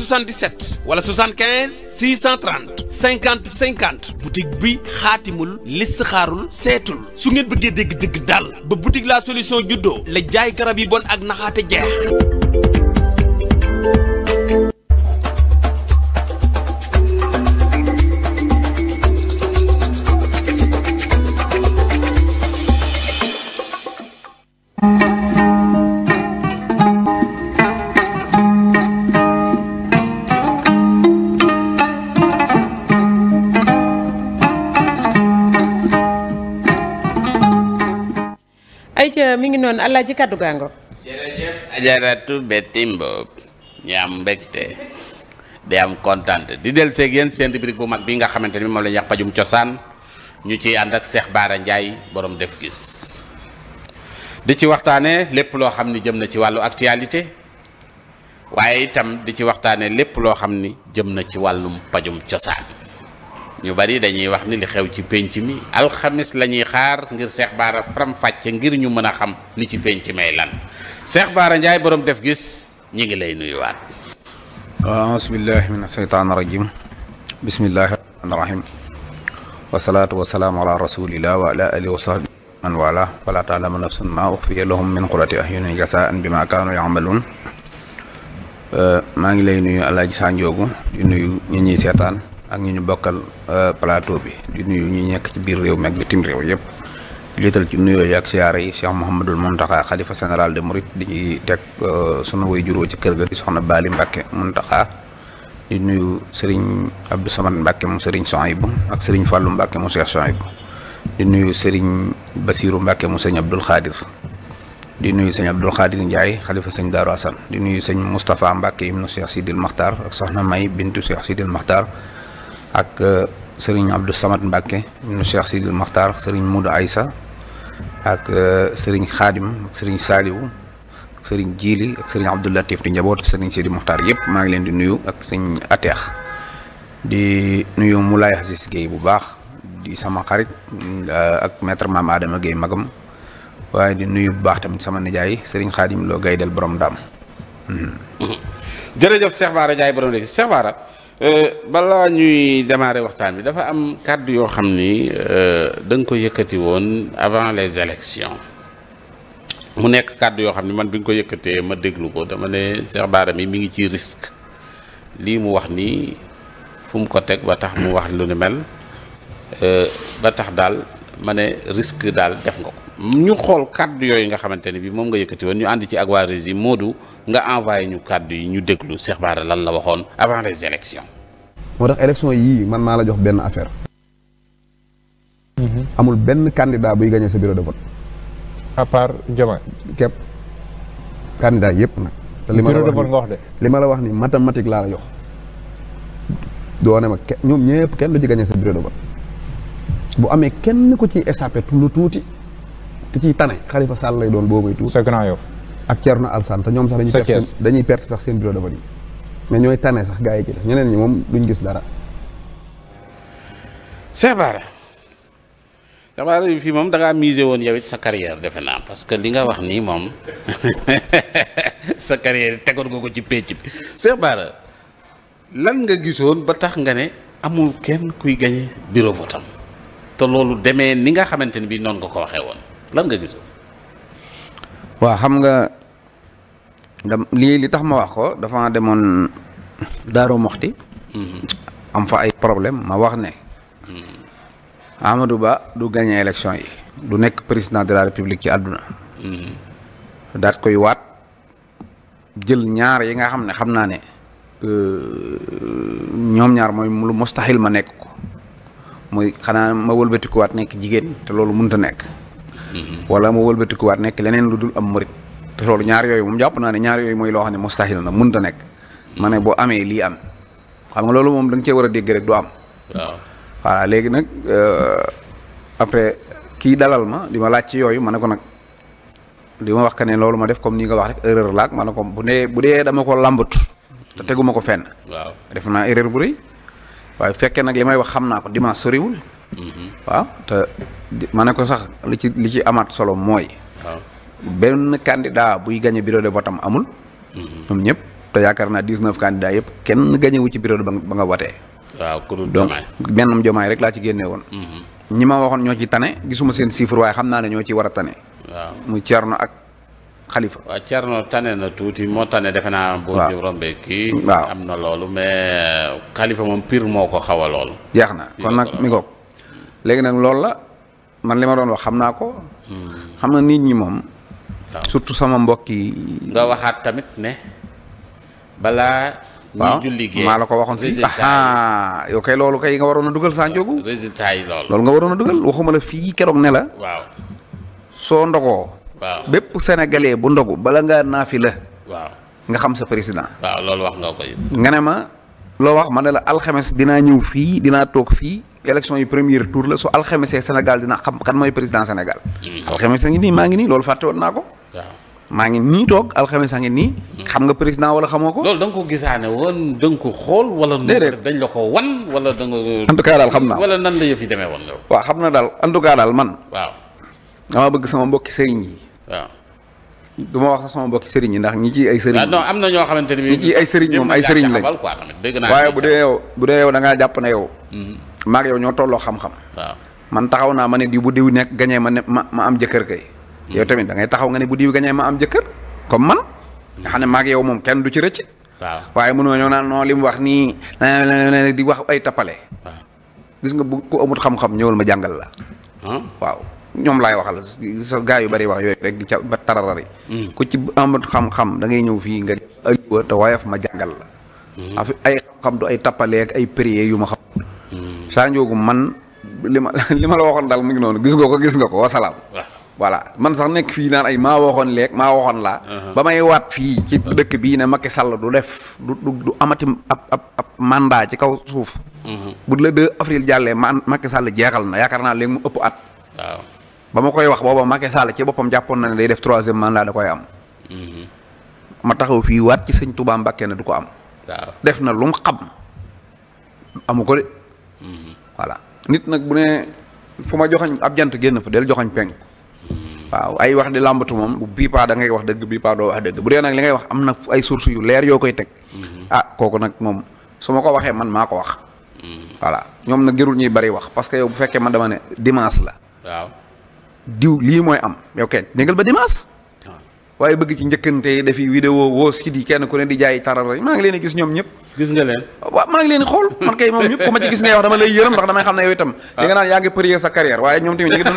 77 wala 75 630 50 50 boutique bi xaatimul listixaarul seetul su ngeen bëggee dégg dëgg daal ba boutique la solution juddoo la jaay garab yi bon ak naxaate jeex. mi ngi noonu allah ji kaddu gaango jërëjëf ajaratu am mbégte di am kontaan di del seeg yéen seen rubrique bu mag bi nga xamante ni moom la ñuy pajum cosaan ñu ci ànd ak Cheikh Bara Ndiaye boroom def gis di ci waxtaanee lépp loo xam ni jëm na ci wàllu actualité waaye itam di ci waxtaanee lépp loo xam ni jëm na ci wàllum pajum cosaan ñu bari dañuy wax ni li xew ci pénc mi alxamis la ñuy xaar ngir Cheikh Bara faram fàcce ngir ñu mën a xam li ci pénc may lan Cheikh Bara Ndiaye borom def gis ñi ngi lay nuyuwaat. aasbillahi min asheytaan rajim bismillahi rahmaan rahim wasalaatu wasalaamu ala rasulillah wa ala alihi wa sahbi man wala wala taalamu nafsun ma uxfiya lahum min qurati ahyunin jasaan bima kaanu yamaluun maa ngi lay nuyu alaaji Sanjoogu yu nuyu ñu ñuy seetaan ak ñu ñu bokkal euh, plateau bi di nuyu ñu ñekk ci biir réew mi ak bitim réew yëpp liital ci nuyoo yi ak siyaara yi Cheikh Mouhamadul Mountakha xalifa général de Mouride di ñuy teg euh, sunu way juróo ci kër ga di soxna Baali Mbacke Mountakha di nuyu sëriñ Abdou Samad Mbacke mu Serigne Souhaïbou ak sëriñ Fallou Mbacke mu Cheikh Souhaïbou di nuyu Serigne Basirou Mbacke mu sëñ Abdoul Khadir di nuyu sëñ Abdoul Khadir Ndiaye xalifa sañ Darou Assane di nuyu sëñ Moustapha Mbacke ibnu Cheikh Sidil Makhtar ak soxna May bintu Cheikh Sidil Makhtar ak euh, sëriñ Abdou Samad Mbacke ibnu Cheikh Sidil Makhtar sëriñ Moudou Aïssa ak euh, sëriñ Khadim ak sëriñ Saliou ak sëriñ Jili ak sëriñ Abdou Latif di njaboot sëriñ Sidil Makhtar yëpp maa ngi leen di nuyu ak sëñ Ateex di nuyu Moulay Aziz Guèye bu baax di sama xarit euh, ak maître maam Adama Guèye magam waaye di nuyu bu baax tamit sama nijaay sëriñ Khadim Lo Gaydel borom daam. Hmm. jërëjëf Cheikh Bara borom léegi Cheikh Bara Euh, balaa ñuy démarrer waxtaan bi dafa am kàddu yoo xam ni euh, da nga ko yëkkati woon avant les élections mu nekk kàdd yoo xam ni man bi nga ko yëkkatee ma déglu ko dama ne Cheikh Bara mi mi ngi ci risque lii mu wax nii fu mu ko teg ba tax mu wax lu ni mel euh, ba tax daal ma ne risque daal def nga ko ñu xool kàddu yooyu nga xamante ne bi moom nga yëkkati woon ñu ànd ci ak waa Rési Modou nga envoyé ñu kàddu yi ñu déglu Cheikh Bara lan la waxoon avant les élections moo tax élection yii man maa la jox benn affaire mhm. amul benn candidat buy gagné sa bureau de vote à yëpp nag te li ma la wax de li ma la wax ni mathématique laa la jox doone ma kenn du ci gagné sa bureau de lu tuuti te ciy tane Khalifa Sall lay doon boo may tuur sa Grand Yoff ak Thierno te ñoom sax dañuy perte sax seen bureau de vote yi mais ñooy tane sax gars yi ci des ñeneen ñi moom duñ gis dara Cheikh Bara Cheikh Bara fii moom da ngaa woon yow it sa carrière defe naa parce que li nga wax nii moom sa carrière tegoon nga ko ci pécc bi Cheikh Bara lan nga gisoon ba tax nga ne amul kenn kuy gañe bureau votam te loolu demee ni nga xamante ni bii noonu nga ko waxee woon lan nga gis. xam nga dam lii li tax ma wax ko dafa demoon Daaru Moxti. Mm-hmm. am fa ay problème ma wax ne. Mm-hmm. Amadou Ba du gagné élection yi. du nekk président de la république ci àdduna. Mm-hmm. daat koy waat jël ñaar yi nga xam ne xam naa ne. Euh, ñoom ñaar mooy lu mustaxil ma nekk ko muy xanaa ma walbatikuwaat nekk jigéen te loolu mënta nekk. wala ma wëlbatikuwaat nekk leneen lu dul am murit te loolu ñaar yooyu moom jàpp naa ne ñaar yooyu mooy loo xam ne mustahil na mënut a nekk ma ne boo amee lii am xam nga loolu moom da nga war a dégg rek du léegi nag euh, après kii dalal ma di ma laaj ci yooyu ma ne ko nag li ma wax que ne loolu ma def comme ni nga wax rek erreur laak ma ne ko bu nee bu dee dama ko lambatu te teguma ko fenn waaw def naa erreur bu rëy waaye fekkee nag li may wax xam naa ko dimanche soriwul mm-hmm. waaw ma ne ko sax li ci li ci amaat solo mooy. waaw ah. benn candidat buy gagné bureau de vote am amul. moom mhm. ñëpp te yaakaar naa dix neuf candidats yëpp kenn gagné ci bureau de ba nga watee waaw ku dul Diomaye donc benn rek laa ci génne woon. Mhm. ñi ma waxoon ñoo ci tane gisuma seen chiffre waaye xam naa ne ñoo ci war a tane. mu muy Thierno ak Khalifa. waaw Thierno tane na tuuti moo tane defe naa. waaw boo kii. waaw am na loolu mais Khalifa moom piir moo ko xaw a lool. jeex na kon nag mi ngoog léegi nag loolu la. man li ma doon wax xam naa ko. xam na nit ñi moom. surtout sama mbokk yi. nga waxaat tamit ne. balaa. ñu julli gee maa la ko waxoon fii loolu kay nga waroon a dugal saa njóogu. résultat yi nga waroon a dugal waxuma la fii keroog ne la. waaw soo ndogoo. bépp sénégalais bu ndogu bala ngaa naafi la. waaw nga xam sa président. waaw wax nga ko ne ma loo wax ma ne la alxames dinaa ñëw fii dinaa toog fii. élection yi premier tour la su alxemesee Sénégal dina xam kan mooy président Sénégal. Mm. alxemes a ngi nii maa ngi nii loolu fàtte woon ko. maa ngi nii toog alxemes a ngi nii. Mm. xam nga président wala xamoo ko. loolu da nga ko gisaane woon da xool. wala dañ la ko wan wala da nga. en xam naa wala nan la yëf demee woon. waaw xam na daal en daal man. waaw dama bëgg sama mbokki sëriñ yi. waaw. du ma wax sax sama mbokki sëriñ yi ndax ñi ci ay sëriñ non am na ñoo xamante ni ñi ci ay sëriñ moom ay sëriñ lañ waaye bu dee yow bu dee yow da ngaa jàpp na yow mm-hmm. maag yow ñoo tolloo xam-xam. man taxaw naa ma ne diw bu diw nekk gañee ma ne ma ma am jëkkër kay. Hmm. yow tamit da ngay taxaw nga ne bu diw gañee ma am jëkkër comme man. nga xam ne maag yow moom kenn du ci rëcc. waaye mënoo ñoo naan non li mu wax nii di wax ay tapale. nga bu ku amut ñëwal ma jàngal la. waaw ñoom laay waxal yu bari wax yooyu rek di ca ba tararari. Hmm. ku ci amut xam da ngay ñëw fii nga aliwa te waaye fa ma jàngal la. Hmm. ay xam du ay tapale ay prier yu ma xam. saa njoogu man li ma li ma la waxoon daal mu ngi noonu gis nga ko gis nga ko wasalaam voilà man sax nekk fii naan ay maa waxoon leeg maa waxoon laa uh-huh. ba may waat fii ci uh-huh. dëkk bii ne Macky Sall du def du du amati ab ci kaw suuf uh-huh. bu la 2 avril jàllee man Macky Sall jeexal na yaakaar naa léegi mu ëpp at ba ma koy wax booba Macky Sall ci boppam jàppoon na ne day def troisième mandat da koy am ma taxaw fii waat ci sëñ Touba Mbacké na du ko am def na lu mu xam amu ko de voilà nit nag bu ne fu ma joxañ ab jant génn fa del joxañ penk waaw ay wax di làmbatu moom bu bii paa da ngay wax dëgg bii paa doo wax dëgg bu dee nag li ngay wax am na ay sources yu leer yoo koy teg mm-hmm. ah kooku nag moom su ma ko waxee man maa ko wax mm-hmm. voilà ñoom nag jërul ñuy bari wax parce que yow bu fekkee ma dama ne dimanche la waaw diw lii mooy am yow kenn négal ba dimanche waaye bëgg ci njëkkante defi vidéo woo site yi kenn ku ne di jaay taral rek maa ngi leen di gis ñoom ñëpp gis nga leen waaw maa ngi leen di xool man kay moom ñëpp ah.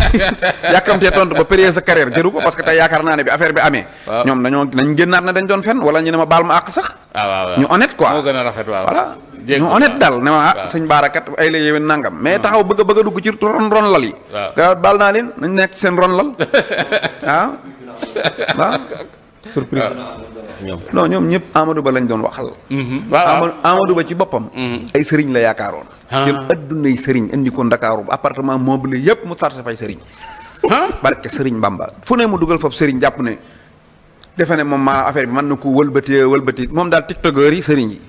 yàkkamtee tontu ba prier sa carrière jëru ko parce que yaakaar naa ne bi affaire bi amee ñoom dañoo nañ génnaat ne dañ doon fen wala ñu ne ma baal ma àq sax ah, ñu honnête quoi moo a ñu honnête daal ne ma ah sëñ baarakat ay la yéwén nangam mais hmm. taxaw bëgg a bëgg dugg ci ron ron lal yi baal naa leen nañ nekk seen ron lal ah. waaw surprise non ñoom ñëpp Amadou Ba lañ doon waxal. Mm-hmm. waaw Amadou Ba ci boppam. Mm-hmm. ay sëriñ la yaakaaroon. jël addunay sëriñ indi ko Ndakaaru appartement meublé yëpp mu sarta fay sëriñ. barke sëriñ mbamba fu ne mu dugal foofu sëriñ jàpp ne. defe ne moom maa affaire bi mën na ko wëlbatee wëlbati moom daal tiktokeur yi sëriñ yi.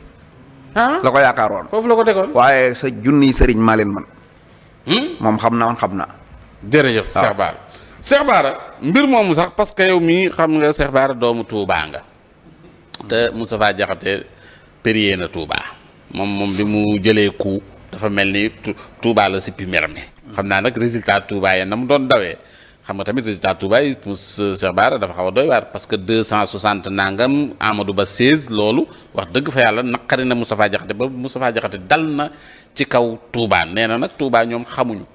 la ko yaakaaroon. foofu la ko tegoon waaye sa junniy sëriñ maa leen man hmm? moom xam naa woon xam naa. jërëjëf Cheikh Cheikh Bara mbir moomu sax parce que yow mii xam nga Cheikh Bara doomu Touba nga te Moustapha Diakhaté périer na Touba moom moom bi mu jëlee ku dafa mel ni Touba la sippi mer mi xam naa nag résultat Touba yi na mu doon dawee xam nga tamit résultat Touba yi mu Cheikh dafa xaw a doy waar parce que 260 nangam Amadou Ba 16 loolu wax dëgg fa yàlla naqari na Moustapha Diakhaté ba Moustapha Diakhaté dal na ci kaw Touba nee na nag tuubaa ñoom xamuñu.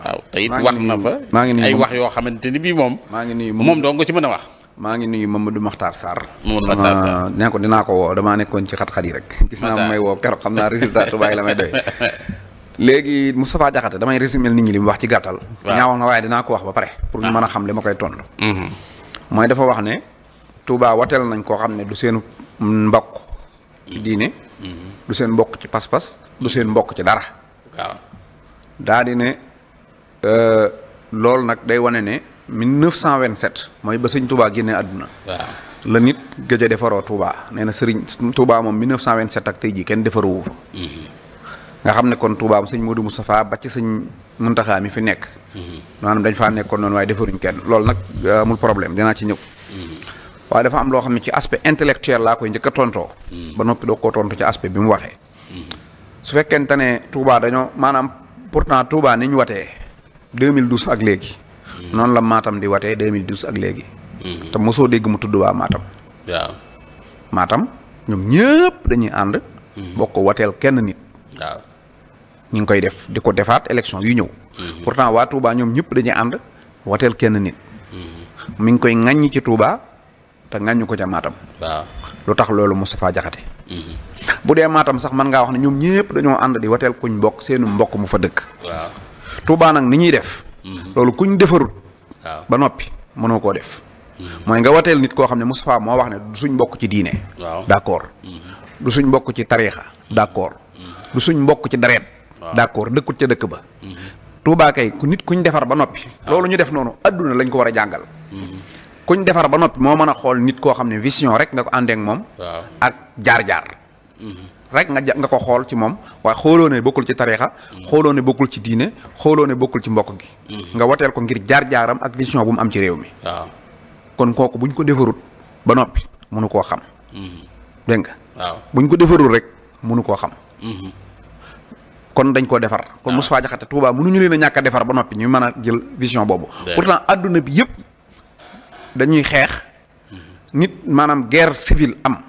waaw te it wax na fa. maa ngi ay wax yoo xamante ni bii moom. maa ngi nuyu moom doo nga ci mën a wax. maa ngi nuyu Mamadou Makhtar Sarr. Mamadou Makhtar Sarr ah, ne ko dinaa ko woo damaa nekkoon ci xat-xat yi rek. gis naa may woo keroog xam naa résultat tubaay la may doy. léegi Moustapha Diakhaté damay résumé nit ñi li mu wax ci gàttal. ñaawoon na waaye dinaa ko wax ba pare. pour ñu ah. mën a xam li ma koy tontu. Mm-hmm. mooy dafa wax ne. Touba wateel nañ koo xam ne du seen mbokk ci diine. Mm-hmm. du seen mbokk ci pas-pas. du seen mbokk ci dara. waaw Euh, loolu nag day wane ne 1927 mooy ba sëñ Touba génnee àdduna. la nit gëj a defaroo Touba nee na sëriñ Touba moom 1927 ak tey jii kenn defaru fa. Mm-hmm. nga xam ne kon Touba sëñ Modou Moustapha ba ci sëñ Muntaxa mi fi nekk. Mm-hmm. maanaam dañ faa nekkoon noonu waaye defaruñ kenn loolu nag euh, mu problème dinaa ci ñëw. Mm-hmm. waaye dafa am loo xam ne ci aspect intellectuel laa koy njëkk a tontoo. ba noppi doo ko tontu ci aspect bi mu waxee. su fekkente ne Touba dañoo maanaam pourtant Touba ni ñu watee. 2012 ak léegi. noonu la maatam di watee 2012 ak léegi. te mosoo dégg mu tudd waa Matam. waaw ñoom ñëpp dañuy ànd. bokk wateel kenn nit. waaw ngi koy def di ko defaat élection yu ñëw. Mhm. pourtant waa Touba ñoom ñëpp dañuy ànd wateel kenn nit. Mhm. mi ngi koy ŋaññi ci tuuba te ŋaññu ko ca Matam. lu tax loolu Moustapha Diakhaté. Mhm. bu dee maatam sax man ngaa wax ne ñoom ñëpp dañoo ànd di wateel kuñ mbokk seenu mbokk mu fa dëkk. Touba nag ni ñuy def. Mhm. loolu kuñ defarut. waaw ba noppi mënoo koo def. Mhm. mooy nga wateel nit koo xam ne Moustapha moo wax ne du suñ mbokk ci diine. waaw accord. Mhm. du suñ mbokk ci tariixa. d' accord du suñ mbokk ci dareet. waaw d' accord dëkkut ca dëkk ba. Touba kay ku nit kuñ defar ba noppi. loolu ñu def noonu àdduna lañ ko war a jàngal. kuñ defar ba noppi moo mën a xool nit koo xam ne vision rek nga ko àndeek moom. ak jaar jaar. rek nga nga ko xool ci moom waaye xooloo ne bokkul ci tariixa xooloo ne bokkul ci diine xooloo ne bokkul ci mbokk gi mm-hmm. nga woteel ko ngir jaar-jaaram ak vision bu mu am ci réew mi waaw kon kooku buñ ko defarut ba noppi mënu koo xam mm-hmm. dégg nga buñ ko defarul rek mënu koo xam mm-hmm. kon dañ koo defar kon Moustapha Diakhaté Touba mënuñu leen a ñàkk defar ba noppi ñu mën a jël vision boobu pourtant àdduna bi yëpp dañuy xeex nit maanaam guerre civile am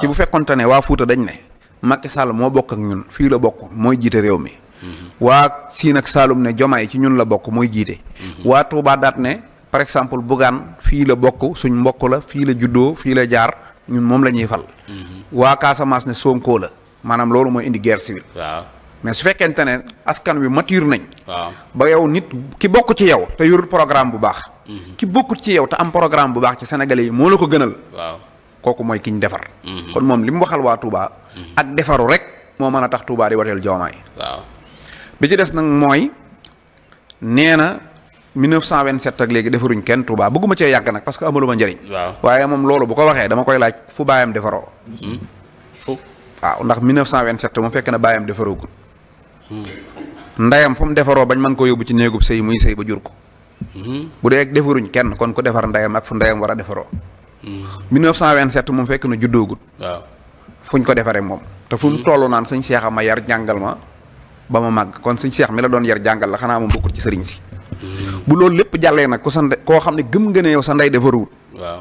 ci bu fekkonte ne waa Fuuta dañ ne Macky Sall moo bokk ak ñun fii la bokk mooy jiite réew mi. waa Siin ak Saalum ne Jomaay ci ñun la bokk mooy jiite. waa Touba daat ne par exemple Bougane fii la bokk suñ mbokk la fii la juddoo fii la jaar ñun moom la ñuy fal. waa Casamance ne Sonko la maanaam loolu mooy indi guerre civile. mais su fekkente ne askan wi mature nañ. waaw ba yow nit ki bokk ci yow te yorul programme bu baax. Mhm. ki bokkut ci yow te am programme bu baax ci sénégalais yi moo la ko gënal. waaw kooku mooy ki ñu defar. Mhm. kon li mu waxal waa Touba. ak defaru rek moo mën a tax Touba di wateel Diomaye. waaw bi ci des nag mooy nee na 1927 ak léegi defaruñ kenn Touba bëgguma cee yàgg nag parce que amaluma njëriñ. waaw waaye moom loolu bu ko waxee dama koy laaj fu baayam defaroo. Hmm? waaw ndax 1927 moom fekk na baayam defaroogul. Hmm. ndeyam fu mu defaroo bañ mën koo yóbbu ci néegub sëy muy sëy ba jur ko. Hmm? bu dee defaruñ kenn kon ku defar ndayam ak fu ndeyam war a defaroo. 1927 mu fekk na juddoogut. waaw fu ñu ko defaree moom te fu ñu hmm. toll naan sëñ Cheikh ma yar jàngal ma ba ma màgg kon suñ Cheikh mi la doon yar jàngal la xanaa moom bokkul ci sëriñ si. Hmm. bu loolu lépp jàllee nag ku sa koo xam ne gëm nga ne yow sa ndey defaruwul. waaw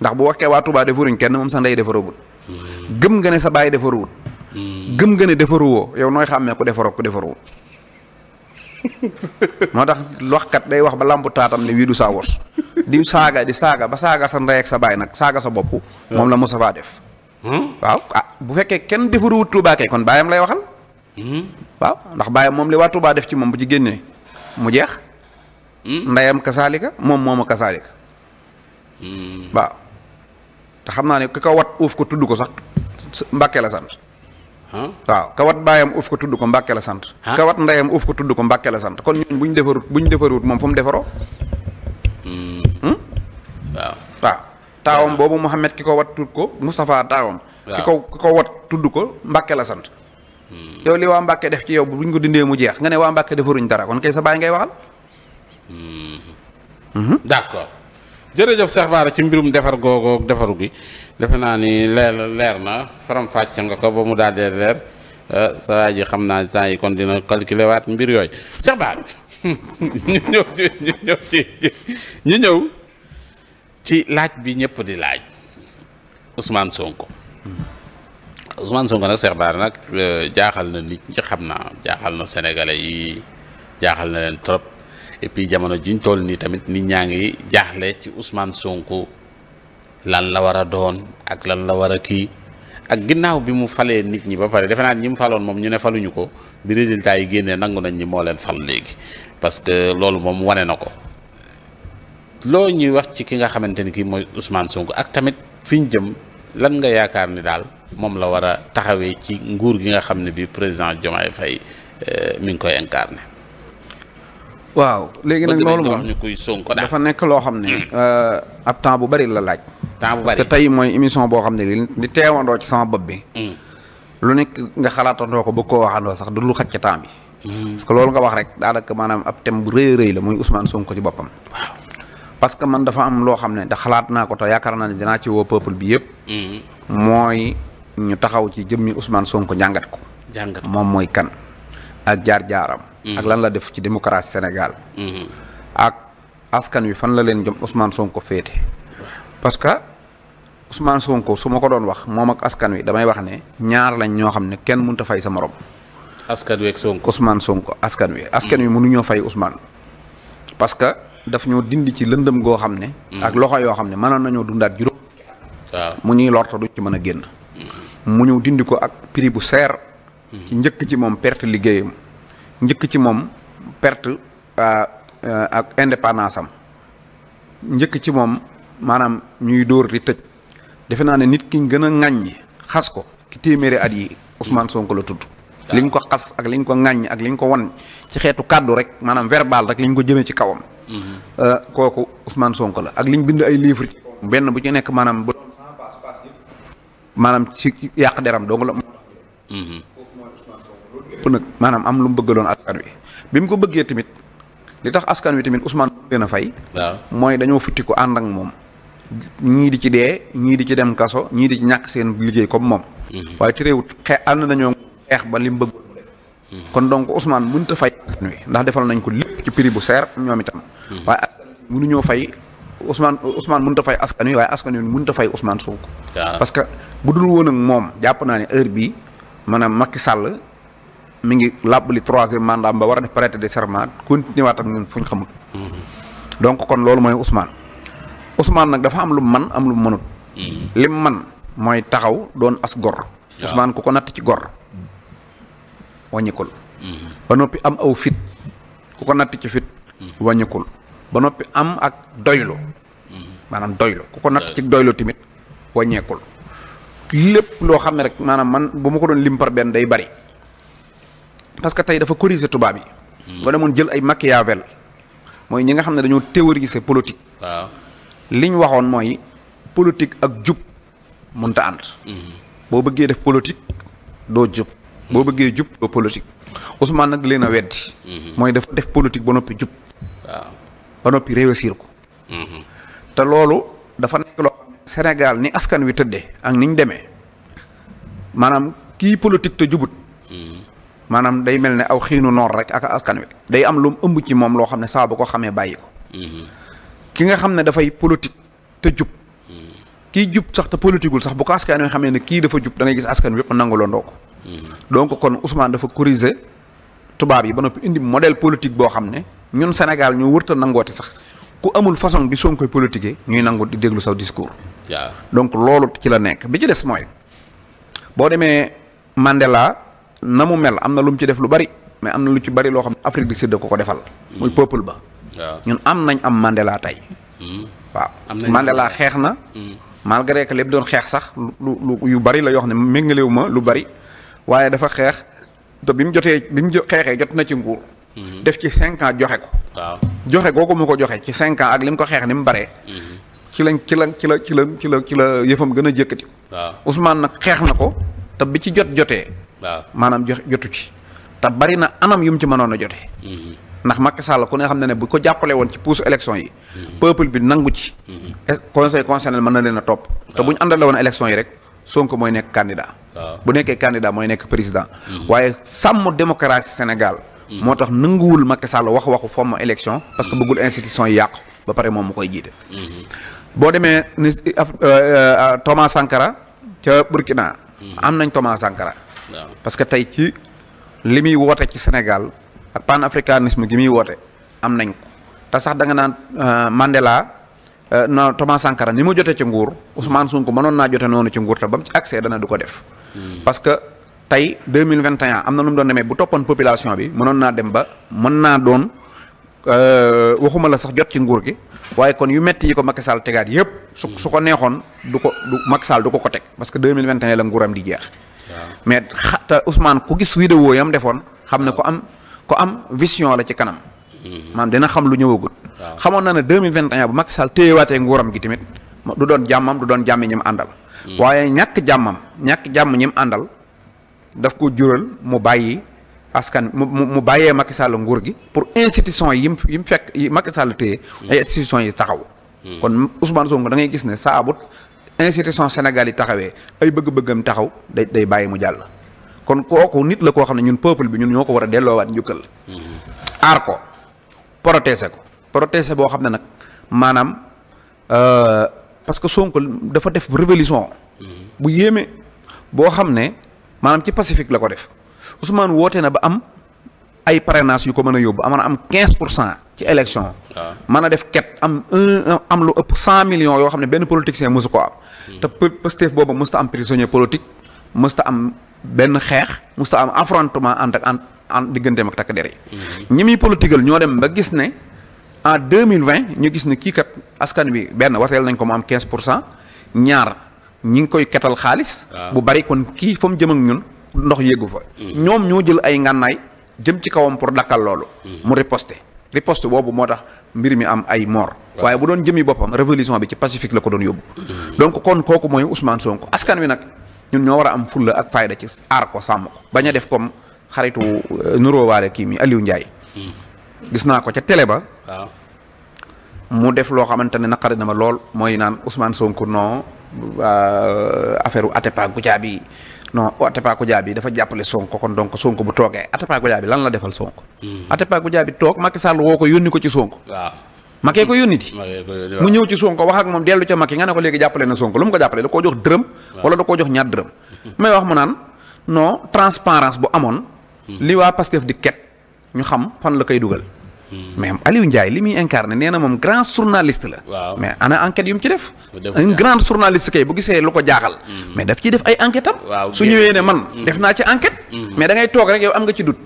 ndax bu waxee waa Touba defaruñ kenn moom sa ndey defaruwul. Hmm. gëm nga ne sa baay defaruwul. gëm nga ne defaruwoo yow nooy xàmmee ku defaroo ku defaruwul. moo tax waxkat day wax ba lambu taatam ne wii du saa wos di saaga di saaga ba saaga sa ndey ak sa baay nag saaga sa bopp. moom la Moustapha def. Hmm? waaw ah bu fekkee kenn defaruwut Touba kay kon baayam lay waxal. Hmm? waaw ndax baayam moom li waa Touba def ci moom bu ci génnee mu jeex. Hmm? ndeyam kasaalika moom mooma kasaalika. waaw te xam naa ne ku kawat wat uuf ko tudd ko sax Mbàkke la sant. waaw kawat baayam uuf ko tudd ko Mbàkke la sant. kawat ndeyam uuf ko tudd ko Mbàkke la sant kon ñun bu ñu defarut bu defarut moom fu mu defaroo. waaw. taawam boobu Mouhamed ki ko wat tudd ko Moustapha taawam ki ko ki ko wat tudd ko Mbàkke la sant hmm. yow li waa Mbàkke def ci yow bu buñ ko dindee mu jeex nga ne waa Mbàkke defaruñ dara kon kay sa baay ngay waxal hmm. mhm. d'accord jërëjëf Cheikh Bara ci mbirum defar googu defaru gi defe naa ni leer leer na faram fàcc nga ko ba mu daal di leer eh, sa waa xam naa temps yi kon dina calculer mbir yooyu Cheikh Bara ñu ñëw ci laaj bi ñëpp di laaj Ousmane Sonko Ousmane Sonko nag Cheikh Bara nag euh, jaaxal na nit ñi xam naa jaaxal na sénégalais yi jaaxal na leen trop et puis jamono jiñ toll nii tamit nit ñaa ngi jaaxle ci Ousmane Sonko lan la war a doon ak lan la war a kii ak ginnaaw bi mu falee nit ñi ba pare defe naa ñi mu faloon moom ñu ne faluñu ko bi résultat yi génnee nangu nañ ñi moo leen fal léegi parce que loolu moom wane na ko. loo ñuy wax ci ki nga xamante ni kii mooy Ousmane Sonko ak tamit fi ñu jëm lan nga yaakaar ni daal moom la war a taxawee ci nguur gi nga xam ne bii président Diomaye Faye euh, mi ngi koy incarné. waaw léegi nag loolu moom ñu koy Sonko dafa nekk loo xam ne. Hmm. Euh, ab temps bu bari la laaj. temps bu bari tey mooy émission boo xam ne li teewandoo ci sama bopp bi. Hmm. lu nekk nga xalaatandoo ko bëgg koo waxandoo sax du lu xaj ca temps bi. Hmm. parce que loolu nga wax rek daanaka maanaam ab thème bu rëy rëy la muy Ousmane Sonko ci boppam. parce que man dafa am loo xam ne da xalaat naa ko te yaakaar naa ne dinaa ci woo peuple bi yëpp. Mm-hmm. mooy ñu taxaw ci jëmmi Ousmane Sonko jàngat ko. jàngat moom mooy kan. ak jaar-jaaram. Mm-hmm. ak lan la def ci démocratie Sénégal. Mm-hmm. ak askan wi fan la leen jëm Ousmane Sonko féete. parce que Ousmane Sonko su ma ko doon wax moom ak askan wi damay wax ne ñaar lañ ñoo xam ne kenn mënut a fay sa morom. askan wi ak Sonko Ousmane Sonko askan wi. askan wi mënuñoo fay Ousmane parce daf ñoo dindi ci lëndam goo xam ne. Mm-hmm. ak loxo yoo xam ne mënoon nañoo dundaat juróom. waaw mu ñuy lorta duñ ci mën a génn. Mm-hmm. mu ñëw dindi ko ak prix bu seer. Mm-hmm. ci njëkk ci moom perte liggéeyam njëkk ci moom perte euh, euh, ak indépendance am njëkk ci moom maanaam ñuy dóor di tëj defe naa ne nit ki gën a ŋàññi xas ko ki téeméeri at yi Ousmane Sonko la tudd. li ñu ko xas ak li ñu ko ŋàññ ak li ñu ko wan ci xeetu kàddu rek maanaam verbal rek li ñu ko jëmee ci kawam. Euh, kooku Ousmane sonk la ak liñ bind ay livre ci benn bu ci nekk maanaam bu doon maanaam ci yàq deram dong la lépp nag maanaam am lu mu loon askan wi bi mu ko bëggee tamit li tax askan wi tamit Ousmane gën a fay mooy dañoo futti ko ànd ak moom ñii di ci dee ñii di ci dem kaso ñii di ci ñàkk seen liggéey comme moom mhm. waaye terewut xe ànd nañoo xeex ba li bëggoon kon donc Ousmane mënut ta fay ndax defal nañ ko lépp ci prix bu seer ñoom itam. Hmm. waaye askan wi mënuñoo fay Ousmane Ousmane mënut a fay askan wi waaye askan wi mënut a fay Ousmane Sonko. parce que bu dul woon ak moom jàpp naa ne heure bii maanaam Macky sàll mu ngi làbbali troisième mandat ba war a def prêter de serment continué waat ak fu ñu xamul. Hmm. donc kon loolu mooy Ousmane Ousmane nag dafa am lu man am lu mënut. Hmm. lim man mooy taxaw doon as gor. Ousmane ku natt ci gor. wàññikul mhm. ba noppi am aw fit ku ko ci fit mhm. wàññikul ba noppi am ak doylu mhm. maanaam doylu ku ko natt ci doylu tamit wàññeekul lépp loo xam ne rek maanaam man bu ma ko doon lim par benn day bari parce que tey dafa corriger tubaab yi nga demoon jël ay Machiavel mooy ñi nga xam ne dañoo théoriser politique waaw li ñu waxoon mooy politique ak jub mënta ànd boo bëggee def politique doo jub boo bëggee jub doo politique Ousmane nag leen a weddi. Mhm. mooy dafa def politique ba noppi jub. waaw ba noppi réussir ko. Mhm. te loolu dafa nekk loo xam ne Sénégal ni askan wi tëddee ak ni ñu demee maanaam kii politique te jubut. Mhm. maanaam day mel ne aw xiinu noor rek ak askan wi. day am lu mu ëmb ci moom loo xam ne saa bu ko xamee bàyyi ko. ki nga xam ne dafay politique te jub. kii jub sax te politiqueul sax bu ko askan wi xamee ne kii dafa jub da gis askan wi yëpp nangulandoo ko. donc kon Ousmane dafa couriser tubaab yi ba noppi indi modèle politique boo xam ne ñun Sénégal ñu wërta nangooti sax ku amul façon bi soo koy politiquer ñuy nangu di déglu sax discours. waaw donc loolu ci la nekk bi ci des mooy boo demee Mandela na mu mel am na lu mu ci def lu bari mais am na lu ci bari loo xam ne Afrique du Sud ko ko defal. Mm. muy peuple ba. ñun am nañ am Mandela tey. Mm. waaw Mandela xeex na. Mm. malgré que lépp doon xeex sax lu lu yu bari la yoo xam ne méngalewu ma lu bari. waaye dafa xeex te bi mu jotee bi mu xeexee jot na ci nguur. Mhm. def ci cinq ans joxe ko. waaw joxe googu mu ko joxe ci cinq ak li mu ko xeex ni mu baree. Mhm. ci lañ ci la ci la ci la ci la ci la yëfam gën a jëkkati. waaw Ousmane nag xeex na ko te bi ci jot jotee. waaw maanaam joxe jotu ci. te bari na anam yu mu ci mënoon a jotee. Mhm. ndax Macky Sall ku ne xam ne ne bu ko jàppale woon ci puusu élection yi. peuple bi nangu ci. conseil constitutionnel mën na leen a topp. te bu ñu àndale woon élection yi rek. Sonko mooy nekk candidat. Ah. bu nekkee candidat mooy nekk président. Mhm. waaye sàmm démocratie Sénégal. Mhm. moo tax nanguwul Macky Sall wax waxu fomm élection. parce que mhm. bëggul institution yi yàqu ba pare moom mu koy jiite. boo demee ni euh, euh, Thomas Sankara ca Burkina. am nañ Thomas Sankara. Ah. parce que tey ci li muy woote ci Sénégal ak panafricanisme gi muy woote am nañ ko te sax da naan euh, Mandela. Euh, na Thomas Sankara ni mu jotee ci nguur Ousmane Sonko mënoon naa jote noonu ci nguur te ba mu ci accès dana du ko def. Hmm. parce que tey deux mille vingt et am na nu mu doon demee bu toppoon population bi mënoon naa dem ba mën naa doon euh, waxuma la sax jot ci nguur gi waaye kon yu métti yi ko Macky Sall tegaat yëpp su su ko neexoon du ko du Macky Sall du ko ko teg parce que deux mille vingt et un la nguuram di jeex. mais xata te Ousmane ku gis vidéo yam defoon xam ne ko am ku am vision la ci kanam. maanaam mm-hmm. dina xam lu ñëwagul. xamoon na ne deux mille vingt et un bu Macky Sall waatee nguuram gi tamit du doon jàmmam du doon jàmmi ñi àndal. Mm-hmm. waaye ñàkk jàmmam ñàkk jàmm ñi àndal daf ko jural mu bàyyi askan mu mu bàyyee Macky Sall nguur gi pour institution yi mu yi mu fekk yi Macky Sall téye. Mm-hmm. yi taxaw. kon Ousmane Sonko da ngay gis ne saabut institution Sénégal yi taxawee ay bëgg-bëggam taxaw day day bàyyi mu jàll. kon kooku nit la koo xam ne ñun peuple bi ñun ñoo ko war a delloowaat njukkal. aar ko. protéger ko protéger boo xam ne nag maanaam euh, parce que Sonko dafa def révolution mm-hmm. bu yéeme boo xam ne maanaam ci Pacifique la ko def Ousmane wootee na ba am ay parrainage yu ko mën a yóbbu amana am quinze pour cent ci élection ah. mën a def ket am un am lu ëpp cent million yoo xam ne benn politicien mosu ko am mm-hmm. te Pastef boobu mosu ta am prisonnier politique mosu am benn xeex mosu am affrontement ànd ak ànd en digganteem ak takk der ñi muy politigal ñoo dem ba gis ne a deux mille vingt ñu gis ne kii kat askan bi benn warteel nañ ko mu am quinze pour cent ñaar ñi ngi koy ketal xaalis. Ah. bu bari kon kii fa mu jëm ak ñun ndox yéegu fa. Hmm. ñoom ñoo jël ay ngànnaay jëm ci kawam pour dakkal loolu. Hmm. mu riposte riposte boobu moo tax mbir mi am ay moor. waaye bu doon jëmi boppam révolution bi ci pacifique la ko doon yóbbu. Hmm. donc kon kooku mooy Ousmane Sonko askan wi nag ñun ñoo war a am fulla ak fayda ci aar ko sàmm ko bañ a def comme. xaritu euh, nuróowaale kii mi Aliou Ndiaye. gis naa ko ca télé ba. mu def loo xamante ne naqari na ma lool mooy naan sonk Ousmane Sonko non euh, affaire Atepa Goudiaby non Atepa Goudiaby dafa jàppale Sonko kon donc Sonko bu toogee Atepa Goudiaby lan la defal Sonko. Hmm. Atepa Goudiaby toog Macky Sall woo ko yónni ko ci Sonko. waaw Macky ko yónni di. mu ñëw ci Sonko wax ak moom dellu ca Macky nga ne ko léegi jàppale na sonk lu mu ko jàppale da koo jox dërëm. wala da ko jox ñaar dërëm. may wax mu naan non transparence bu amoon. li waa Pastef di ket ñu xam fan la koy dugal mais Aliou Ndiaye li muy incarné nee na moom grand journaliste la. waaw mais ana enquête yu mu ci def. un grand journaliste kay bu gisee lu ko jaaxal. Mm. mais daf ciy def ay enquête am. su ñëwee ne man. Mm. def naa ci enquête. Mm. mais da ngay toog rek yow am nga ci doute.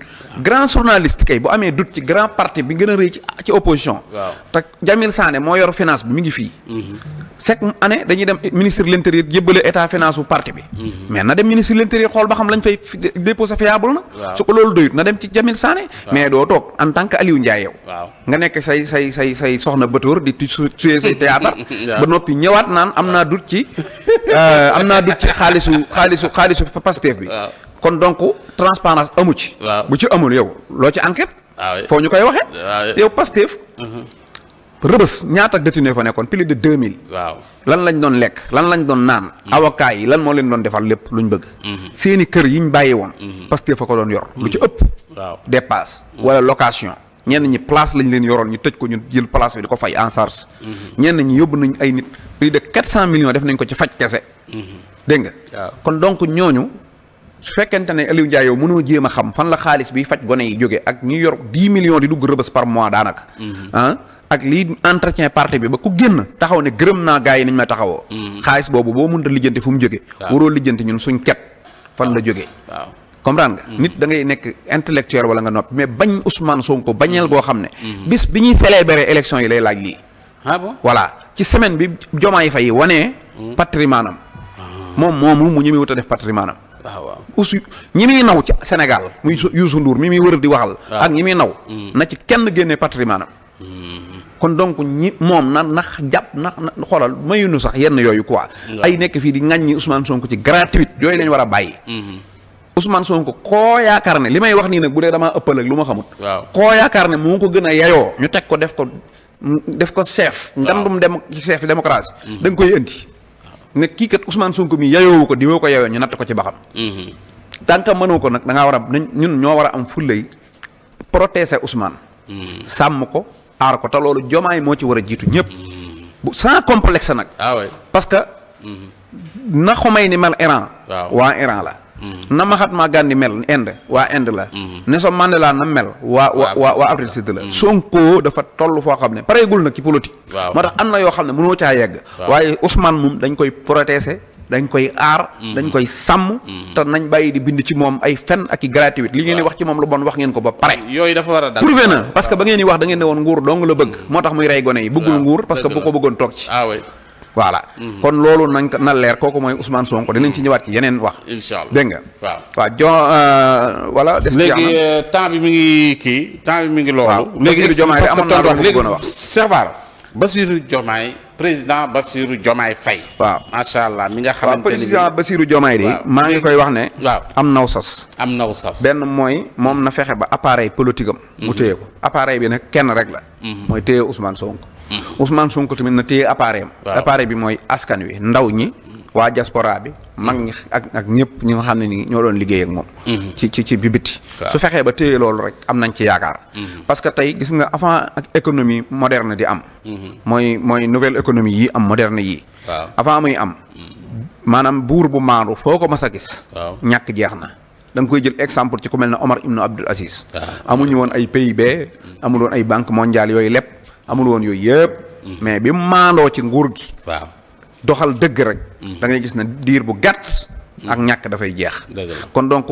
grand journaliste kay bu amee doute ci grand parti bi gën a rëy ci opposition. waaw Jamil Sané moo yor finance bi mi ngi fii. Mm-hmm. chaque année dañuy dem ministre de l'intérieur jébbale état finance bu parti bi. Mm-hmm. mais na dem ministre yow. waaw nga nekk say say say say soxna bëtóor di tu suyee say théâtre ba noppi ñëwaat naan am naa dut ci euh, am naa dut ci xaalisu xaalisu xaalisu Pastef bi kon donc transparence amu ci bu ci amul yow loo ci enquête ah foo ñu koy waxee ah yow Pastef mhm. rëbës ñaata détenu fa nekkoon plus de 2000. waaw lan lañ doon lekk lan lañ doon naan. Mhm. avocat yi lan moo leen doon defal lépp luñ bëgg. Mhm. seeni kër yiñ bàyyi woon. parce que fa ko doon yor. lu ci ëpp. waaw dépasse location. ñenn ñi place lañ leen yoroon ñu tëj ko ñu jël place bi di ko fay en charge. Mhm. ñenn ñi yóbbu nañ ay nit prix de cent millions def nañ ko ci faj kese. Mhm. dégg nga kon donc ñooñu. su fekkente ne Aliou Ndiaye yow mënoo jéem a xam fan la xaalis bi faj gone yi jóge ak ñu yor 10 millions di dugg rëbës par mois daanaka. Mhm. ah ak lii entretien parti bi ba ku génn taxaw ne gërëm naa gars yi nañ ma taxawoo. xaalis boobu boo mun a lijjanti fu mu jóge. waroo lijjante ñun suñ ket fan la jóge. waaw comprendre nga. nit da ngay nekk intellectuel wala nga noppi mais bañ usman Sonko bañeel goo xam ne. Mhm. bis bi ñuy célébrer élection yi lay laaj lii. ah voilà ci semaine bi Jomaay Faye wane. Mhm. patrimoine am. Ah. moom moomu mu ñemewut a def patrimoine am. Ah, waaw aussi ñi muy naw ci Sénégal muy Youssou Ndour mi muy wër di waxal. ak ñi muy naw. Mhm. na ci kenn génnee patrimoine am. kon donc ñi moom na nax jàpp na xoolal mayuñu sax yenn yooyu quoi. ay nekk fii di ŋaññi Ousmane Sonko ci gratuite yooyu lañ war a bàyyi. Ousmane Sonko koo yaakaar ne li may wax nii nag bu dee damaa ëppal ak lu ma xamut. koo yaakaar ne moo ko gën a yayoo. ñu teg ko def ko def ko chef. waaw ngandum dem chef de démocratie. Mhm. da nga koy indi. ne kii kat Ousmane Sonko mi yayoowu ko di woo ko yayoo ñu natt ko ci baxam. Mhm. tant que mënoo ko nag da ngaa war a ñun ñoo war a am fullay protéger Ousmane. Mhm. sàmm ko aar ko te moo ci war a jiitu ñëpp. bu sans complexe nag. Ah parce que. na xomay ni mel Iran. waa Iran la. na Mahatma Gandhi mel Inde waa Inde la mhm. Nelson laa na mel waa waa waa waa Afrique la mhm. Sonko dafa toll foo xam ne pareegul nag ci politique moo tax am na yoo xam ne mënoo caa yegg waaye Ousmane moom dañ koy protéger dañ koy aar mhm. dañ koy sàmm te nañ bàyyi di bind ci moom ay fen ak i li ngeen wax ci moom lu bon wax ngeen ko ba pare mm, yooyu dafa war a dal prouvé na parce que ba ngeen di wax da ngeen ne woon nguur dong la bëgg mm. moo tax muy rey gone yi bëggul nguur parce bu ko bëggoon voilà mhm. kon loolu nañ ko na leer kooku mooy Ousmane Sonko dinañ ci mhm. ñëwaat ci yeneen wax. incha allah dégg nga waaw waaw jo euh, voilà. des léegi euh, temps bi mi ngi kii temps bi mi ngi loolu. waaw Bassirou Diomaye amoon a wax Cheikh Bara Bassirou Diomaye président Bassirou Diomaye Faye. waaw macha allah mi nga xamante ni waaw président Bassirou Diomaye ngi koy wax ne. waaw am naw sas. am naw sas benn mooy moom na fexe ba appareil politique am. mu mhm. téye ko appareil bi nag kenn rek la. mooy téye Ousmane Sonko. Mm-hmm. Ousmane Sonko tamit na téye appareil am. appareil bi mooy askan wi ndaw ñi. waa diaspora bi mag ñi ak ak ñëpp ñi nga xam ne ni ñoo doon liggéey ak moom. Mm-hmm. ci ci ci bi biti. su fexee ba téye loolu rek am nañ ci yaakaar. Mm-hmm. parce que tey gis nga avant ak économie moderne di am. mooy mooy nouvelle économie yi am moderne yi. avant muy am. maanaam buur bu maandu foo ko mas a gis. ñàkk jeex na. da koy jël exemple ci ku mel ne Omar Ibn Abdul Aziz. Ah. amuñu woon ay PIB. amul woon ay banque mondiale yooyu lépp. amul woon yooyu yëpp. mais bi mu maandoo ci nguur gi. waaw doxal dëgg rek. Mm-hmm. da ngay gis ne diir bu gàtt. Mm-hmm. ak ñàkk dafay jeex. kon donc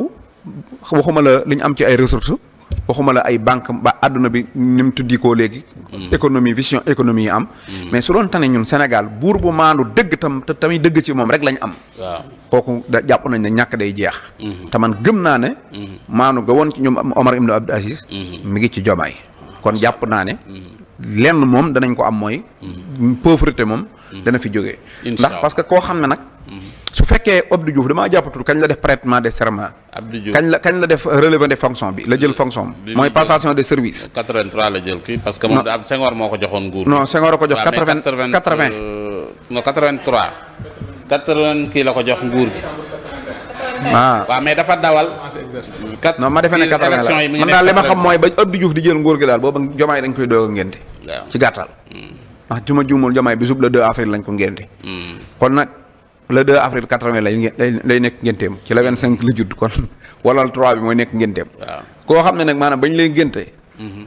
waxuma la li ñu am ci ay ressources. waxuma la ay banque ba àdduna bi ni mu koo léegi. Mm-hmm. économie vision économie yi am. mais su doon tane ñun Sénégal buur bu maandu dëgg tam te tamit dëgg ci moom rek lañ am. waaw kooku da jàpp nañ ne ñàkk day jeex. te man gëm naa ne. maandu ga woon ci ñoom Omar Ibn Abdou Aziz. mi ngi ci jomaay kon jàpp naa ne. lenn moom danañ ko am mooy. Mm-hmm. pauvreté moom. Mm-hmm. dana fi jógee. ndax parce que koo xam ne nag. Mm-hmm. su fekkee Abdou Diouf damaa jàppatul kañ la def prêtement de serment. Abdou Diouf kañ la def relevé de fonction bi la jël fonction bi. mooy passation de service. 83 la jël kii parce que moom da am Senghor moo ko joxoon nguur. non Senghor a ko jox 80 80 euh, non 83. 80 kii la ko jox nguur gi. Ah. waaw mais dafa dawal. non ma defe na quatre vingt la man daal li ma xam mooy ba Abdou Diouf di jël nguur gi daal booba jomaay dañ koy doog a ngénte ci gàttal. Hmm. ndax su ma juumal jomaay bi sub le 2 avril lañ ko ngénte hmm. kon nag le 2 avril quatre vingt lay lay nekk ngénteem ci la hmm. vingt cinq la judd kon wala le 3 bi mooy nekk ngénteem koo xam ne nag maanaam bañ lay ngénte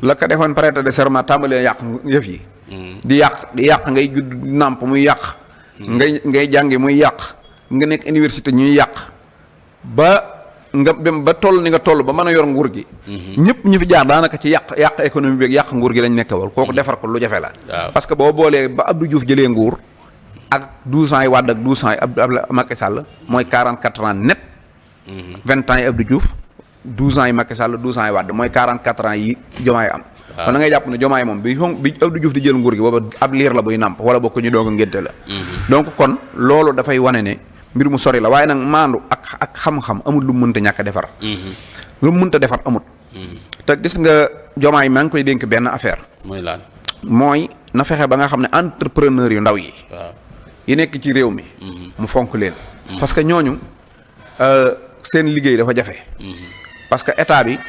la ko defoon prêter de serment tàmbalee yàq yëf yi. di yàq di yàq ngay judd nàmp muy yàq. ngay ngay jàngi muy yàq. nga nekk université ñuy yàq. ba nga dem ba toll ni nga toll ba mën a yor nguur gi. Mhm. ñëpp ñu fi jaar daanaka ci yàq yàq économie beeg yàq nguur gi lañ nekk wal kooku mhm. defar ko lu jafe la. parce que boo boolee ba jëlee nguur. ak douze ans yi Wade ak douze ans yi Abdou Abdoulaye Macky mooy quarante quatre ans net. Mhm. vingt ans yi Abdou Diouf douze ans yi Macky Sall douze ans yi mooy quarante quatre ans yi Diomaye am. kon da ngay jàpp moom bi bi Abdou Diouf di jël nguur gi booba ab liir la buy nàmp wala bokk ñu doog a ngénte la. donc kon loolu dafay wane ne. mbir mu sori la waaye nag maandu ak ak xam-xam amul lu mënta ñàkk defar mhm. lu mënta defar amut mhm. te gis nga jomaa yi maa ngi koy dénk benn affaire mooy lan mooy na fexe ba nga xam ne entrepreneur yu ndaw yi yi nekk ci réew mi mhm. mu fonk leen parce que ñooñu euh, seen liggéey dafa jafe parce que état bi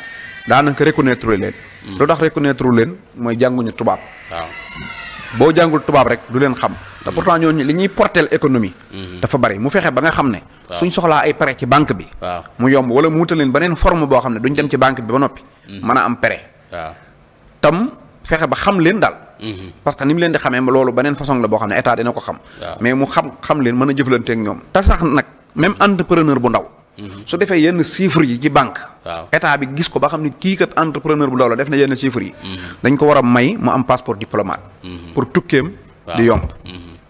daanaka reconnaître leen lu tax reconnaître leen mooy jànguñu tubaab waaw boo jàngul tubaab rek du leen xam te pourtant mm-hmm. ñooñu li ñuy portel économie mm-hmm. dafa bari mu fexe ba nga xam ne suñ soxlaa ay prêt ci banque bi mu yomb wala mu wutal leen beneen forme boo xam ne duñ dem ci banque bi ba noppi mm-hmm. mën a am prêt tam fexe ba xam leen daal parce que ni mu leen di xamee loolu beneen façon la boo xam ne état dina ko xam mais mu xam xam leen mën a jëflante ak ñoom te sax nag même entrepreneur bu ndaw Mhm. su defee yenn chiffres yi ci banque. état bi gis ko ba xam ni kii kat entrepreneur bu loolu def na yenn chiffres yi. Mhm. dañ ko war a may mu am passeport diplomate. Mhm. pour tukkeem di yomb.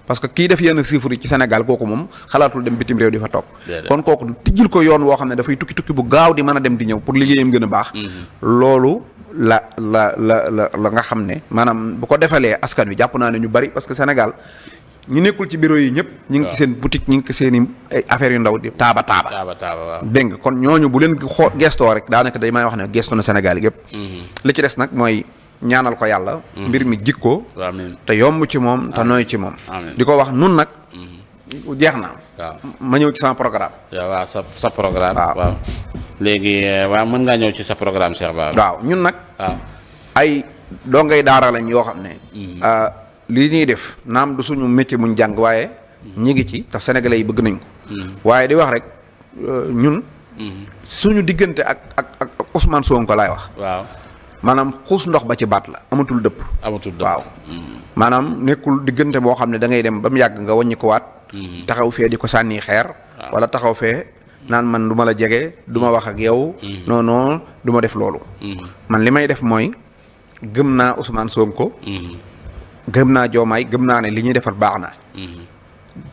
parce que kii def yenn chiffres yi ci Sénégal kooku moom xalaatul dem bitim réew di fa toog. kon kooku tijjil ko yoon woo xam ne dafay tukki tukki bu gaaw di mën a dem di ñëw pour liggéeyam gën a baax. loolu la la la la la nga xam ne. maanaam bu ko defalee askan wi jàpp naa ne ñu bari parce que Sénégal ñu nekkul ci biro yi ñëpp. ñu ngi ci seen boutique ñu ngi ci seen affaire ay affaires yu ndaw di. taaba taaba taaba taaba nga kon ñooñu bu leen xoo gestoo rek daanaka day may wax ne gestu na Sénégal yëpp. Mhm. li ci des nag mooy ñaanal ko yàlla. Mhm. mbir mi jikko. te yomb ci moom te nooy ci moom. di ko wax nun nag. Mhm. jeex na. ma ñëw ci sama programme. waaw sa sa programme. waaw léegi eh, mën ngaa ñëw ci sa programme Cheikh Bara. waaw ñun nag. Ah. ay dongay daara lañ yoo xam ne. Ah, lii ñuy def naam du suñu métier muñ jàng waaye ñi ngi ci tax sénégalais yi bëgg nañ ko mm-hmm. waaye di wax rek euh, ñun mm-hmm. suñu diggante ak ak ak Ousmane Sonko laay wax waaw maanaam xuus ndox ba ci baat la amatul dëpp amatul dëpp waaw mm-hmm. maanaam nekkul diggante boo xam ne da ngay dem ba mu yàgg nga wàññi ko waat taxaw fee di ko sànni xeer wala taxaw fee naan man duma la jege duma wax ak yow non non du def loolu man li may def mooy gëm naa Ousmane Sonko gëm naa joomaay gëm naa ne li ñuy defar baax na. Mhm.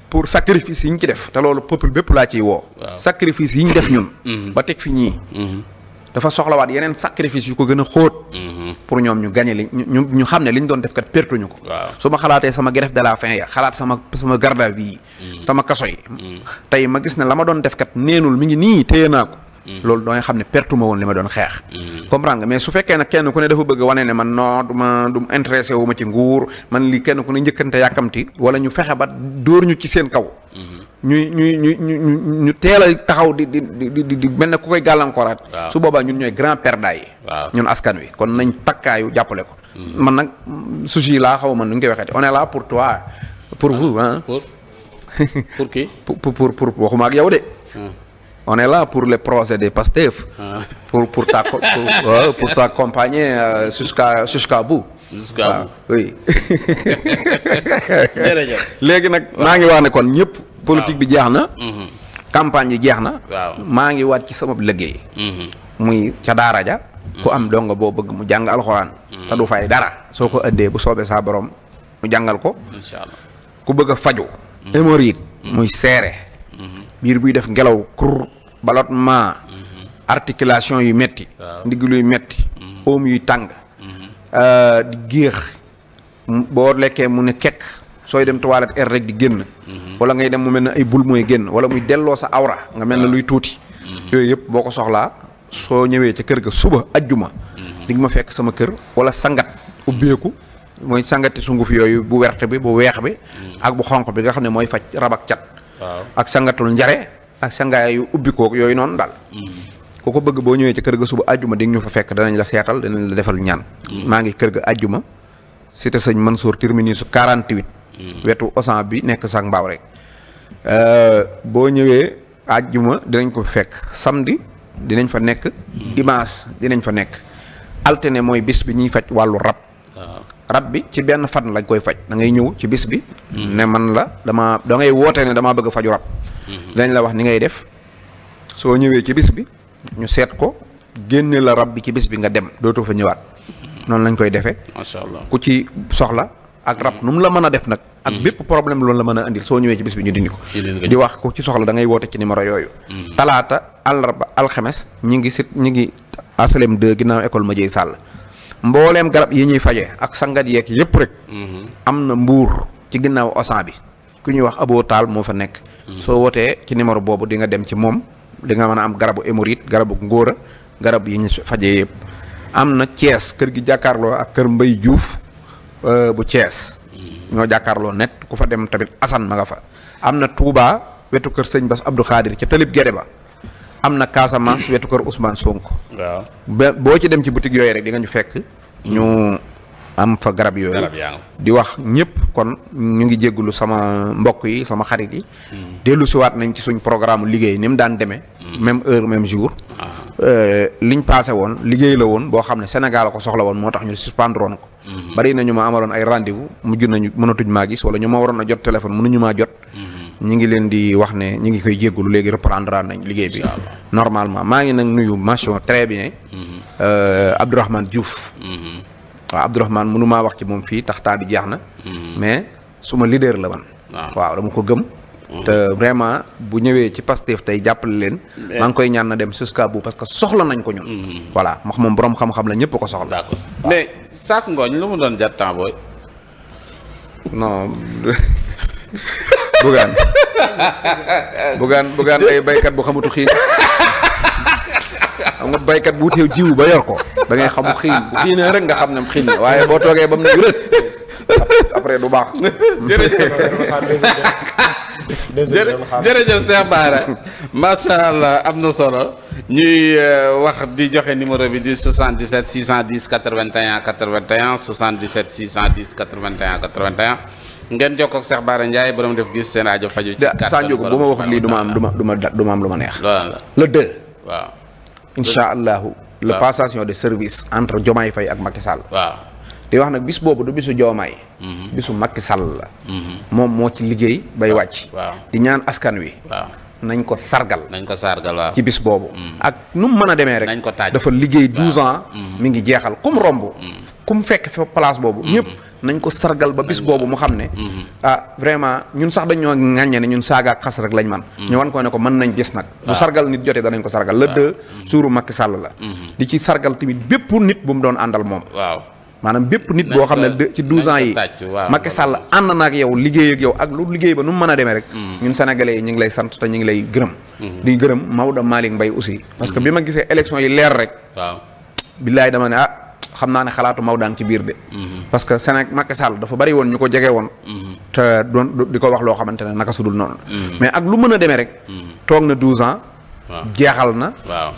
pour sacrifice yi ñu ci def te loolu peuple bépp laa ciy woo. sacrifice yi ñu def ñun. Mhm. ba teg fi ñii. Mhm. dafa soxlawaat yeneen sacrifice yu ko gën a xóot. pour ñoom ñu gagné li ñu ñu xam ne li ñu doon def kat pertuñu ko. su ma xalaatee sama grève de la faim ya xalaat sama sama garda bii sama kaso yi. tey ma gis ne la ma doon def kat neenul mu ngi nii téye naa ko. loolu dooy xam ne pertu ma woon li ma doon xeex comprendre nga mais su fekkee nag kenn ku ne dafa bëgg wane ne man noo du ma du ma intéressé ci nguur man li kenn ku ne njëkkante yàkkamti wala ñu fexe ba dóor ñu ci seen kaw ñuy ñuy ñu ñu ñu teel a taxaw di di di di mel ne ku koy gàllankooraat su boobaa ñun ñooy grand perda yi ñun askan wi kon nañ takkaayu jàppale ko man nag suji laa xaw man nu ñu koy waxeeti on est là pour toi pour vous ah pour pour qui pour pour pour ak yow de on est pour les projets des PASTEF. Ah. Pour, pour, ta, pour, euh, pour t'accompagner euh, jusqu'à jusqu'à bout. léegi nag maa ngi wax ne kon ñëpp. politique bi jeex na. Mhm. campagne yi jeex na. maa ngi waat ci sama liggéey. Mhm. muy ca daara ja ku am mhm. donga boo bëgg mu jàng alxuraan. te du fay dara. soo ko ëddee bu soobee saa borom mu jàngal ko. incha allah ku bëgg a faju hémorroïde muy seere. biir buy def ngelaw kur ballottement mhm. articulation yu metti ndiglu yu metti mhm. oom yuy tàng mhm. euh, di géex boo lekkee mu ne kekk sooy dem toilette air er rek di génn wala ngay dem mu mel ne ay bul mooy génn wala muy delloo sa awra nga mel ne luy tuuti yooyu yëpp boo ko soxlaa soo ñëwee ca kër ga suba ajjuma di nga ma fekk sama kër wala sangat ubbeeku mooy sangati sunguf yooyu bu werte bi bu weex bi ak bu xonq bi nga xam ne mooy faj rabak cat ak sangatul njare ak sangaayu ubbikook yooyu noonu daal mm. ku ko bëgg boo ñëwee ci kër ga suba àjjuma di nga ñu fa fekk danañ la seetal danañ la defal ñaan mm. maa ngi kër ga àjjuma cité sëñ su terminus mm. 48 wetu osan bi nekk sax mbaaw rek euh, boo ñëwee àjjuma dinañ ko fekk samdi dinañ fa nekk dimanche dinañ fa nekk altine mooy bis bi ñuy faj wàllu rab rab bi ci benn fan lañ koy faj da ngay ñëw ci bis bi. ne man la dama da woote ne damaa bëgg a faju rab. dañ la wax ni ngay def soo ñëwee ci bis bi ñu seet ko génne la rab bi ci bis bi nga dem dootu fa ñëwaat. noonu lañ koy defee. macha allah ku ci soxla. ak rab nu mu la mën a def nag. ak mm-hmm. bépp problème loolu la mën a indil soo ñëwee ci bis bi ñu dindi ko. di wax ku ci soxla da ngay woote ci numéro yooyu. Mm-hmm. talaata àllarba alxemes ñi ngi sit ñi ngi asalem 2 ginnaaw école Madieye Sall. mbooleem garab yi ñuy faje ak sangat yeeg yëpp rek mhm. am na mbuur ci ginnaaw osan bi ku ñuy wax aboo taal moo fa nekk mhm. soo wootee ci numéro boobu di nga dem ci moom di nga mën a am garabu émorite garabu ngóora garab yi ñu fajee yëpp am na Thiès kër gi jàkkaarloo ak kër Mbay Juuf euh, bu cees mhm. ñoo jàkkaarloo net ku fa dem tamit Assane ma nga fa am na Touba wetu kër sëñ Bass Abdou Khadir ca Talib Guédé ba am na Casamance wetu kër Ousmane Sonko. waaw ba boo ci dem ci boutique yooyu rek di ñu fekk. ñu am fa garab yooyu. garab yaa di wax ñëpp kon ñu ngi jéggulu sama mbokk yi sama xarit yi. Hmm. dellu siwaat nañ ci suñ programme liggéey ni mu daan demee. Hmm. même heure même jour. Ah. Euh, liñ paase woon liggéey la woon boo xam ne Sénégal ko soxla woon moo tax ñu suspendroon ko. Hmm. bari na ñu ma amaloon ay rendez-vous mujj nañu mënatuñ maa gis wala ñu ma waroon a jot téléphone mënuñu maa jot. ñu ngi leen di wax ne ñu ngi koy jéggulu léegi reprendre nañ liggéey bi normalement maa ngi nag nuyu mention très bien mhm. euh, Abdourahmane Diouf mhm. waaw Abdourahmane mënu maa wax ci moom fii tax taa bi jeex na mhm. mais suma lider la man waaw dama ko gëm te vraiment bu ñëwee ci Pastef tey jàppale leen maa ngi koy ñaan na dem jusqu'à bout parce que soxla nañ ko ñun voilà max moom boroom xam-xam la ñëpp ko soxla d'accord mais saak ngooñ lu mu doon jar temps bugaan bugaan bugaan ay baykat bu xamatu xiin xam nga baykat bu wuteew jiwu ba yor ko da ngay xamu xiin bu rek nga xam ne xiin waaye boo toogee ba mu ne wérét après du baax. jërëjëf Cheikh Bara macha allah am na solo ñuy euh, wax di joxe numéro bi di 77 610 81 81 77 610 81 81 ngeen jox ko Cheikh Bara Ndiaye borom def gis seen aajo faju ci kàttan Sadio bu ma waxul lii du ma am du ma du ma du ma am lu ma neex. la deux. waaw incha allahu. le passation de service entre Diomaye Faye ak Macky Sall. waaw di wax nag bis boobu du bisu Diomaye. Mhm. bisu Macky Sall la. Mhm. moom moo ci liggéey bay wàcc. di ñaan askan wi. nañ ko sargal. nañ ko sargal waaw ci bis boobu. Mhm. ak nu mu mën a demee rek. nañ ko taaj dafa liggéey douze ans. mi ngi jeexal kum romb. kum fekk fa place boobu. ñëpp nañ ko sargal ba bis boobu mu xam ne mhm. ah vraiment ñun sax dañ ñoo ŋàññe ne ñun saaga ak xas rek lañ man mhm. ñu wan ko ne ko mën nañ bis nag bu ah. sargal nit jotee danañ ko sargal la ah. deux suuru Macky Sall la mhm. di ci sargal tamit bépp nit bu mu doon àndal moom waaw maanaam bépp nit boo xam ne ci 12 ans yi Macky Sall ànd na ak yow liggéey ak yow ak lu liggéey ba nu mu mën a demee rek ñun sénégalais yi ñu ngi lay sant te ñu ngi lay gërëm di gërëm Maodo Malick Mbaye aussi parce que bi ma gisee élection yi leer rek xam naa ne xalaatu Maodo ci biir de. parce que Sénégal Macky Sall dafa bari woon ñu ko jege woon. di ko wax loo xamante ne naka su noonu. mais ak lu mën a deme rek. toog na 12 ans. jeexal na. waaw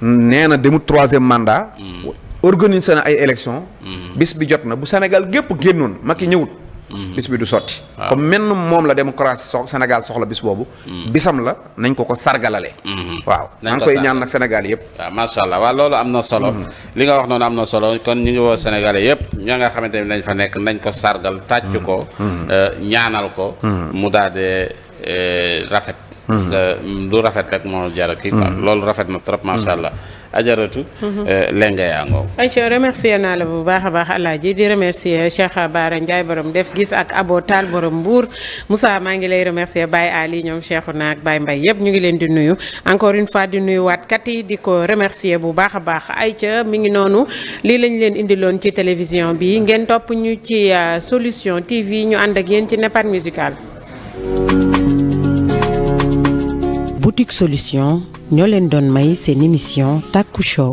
nee na demut troisième mandat. Mm. organisé na ay élections. Mm. bis bi jot na bu Sénégal gépp génnoon Macky ñëwut. Mhm. bis bi du sotti comme menn moom la démocratie sox Sénégal soxla bis boobu mhm. bisam la nañ ko ko sargalale mhm. waaw maa ngi koy ñaan nag Sénégal yëpp waaw macha allah waaw loolu am na solo li nga wax noonu am na solo kon ñu ngi woo Sénégalais yëpp ña nga xamante ne lañ fa nekk nañ ko sargal tàcc ko euh, ñaanal ko mu daal euh, rafet parce que mm, lu rafet rek moo jar kii loolu rafet na trop macha allah ajaratu. Mhm. Eh, lenga yaa ngoow. ayca remercier naa la bu baax a baax Alaaji di remercier Cheikh Baara Ndiaye borom def gis ak Abo Tall borom Mbour Moussa maa ngi lay remercier Baye Ali ñoom Cheikhouna ak baay mbay yëpp ñu ngi leen di nuyu encore une fois di nuyu waat kat yi di ko remercier bu baax a baax ayca mi ngi noonu lii lañ leen indiloon ci télévision bi ngeen topp ñu ci euh, solution TV ñu ànd ak yéen ci Nepad musical. boutique solution ñoo leen doon may seen émission Taku Show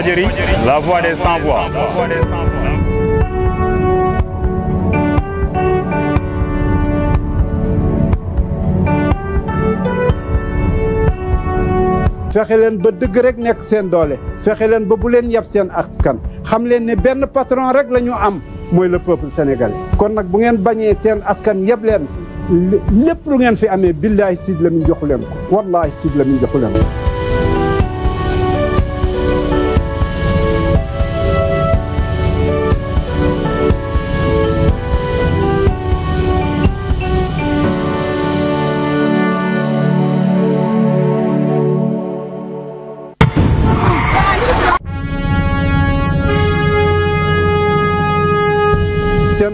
Walfadjri des sans voix leen ba dëgg rek nekk seen doole fexe leen ba bu leen yab seen askan xam leen ne benn patron rek la am mooy le peuple sénégal kon nag bu ngeen bañee seen askan yab leen lépp lu ngeen fi amee billahi Sidy Lamine joxu leen ko wallahi Sidy Lamine joxu leen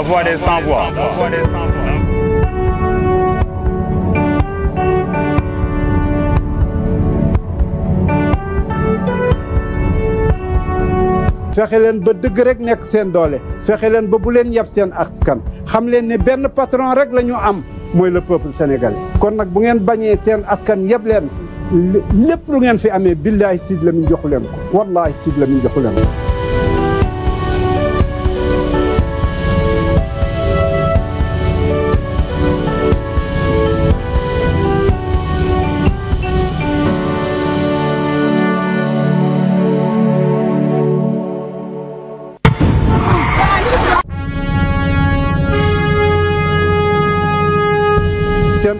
La des sans-voix. leen ba dëgg rek nekk seen doole fexe leen ba bu leen yab seen askan xam leen ne benn patron rek la ñu am mooy le peuple sénégal kon nag bu ngeen bañee seen askan yëpp leen lépp lu ngeen fi amee billahi Sidy Lamine joxu leen ko wallahi Sidy Lamine joxu leen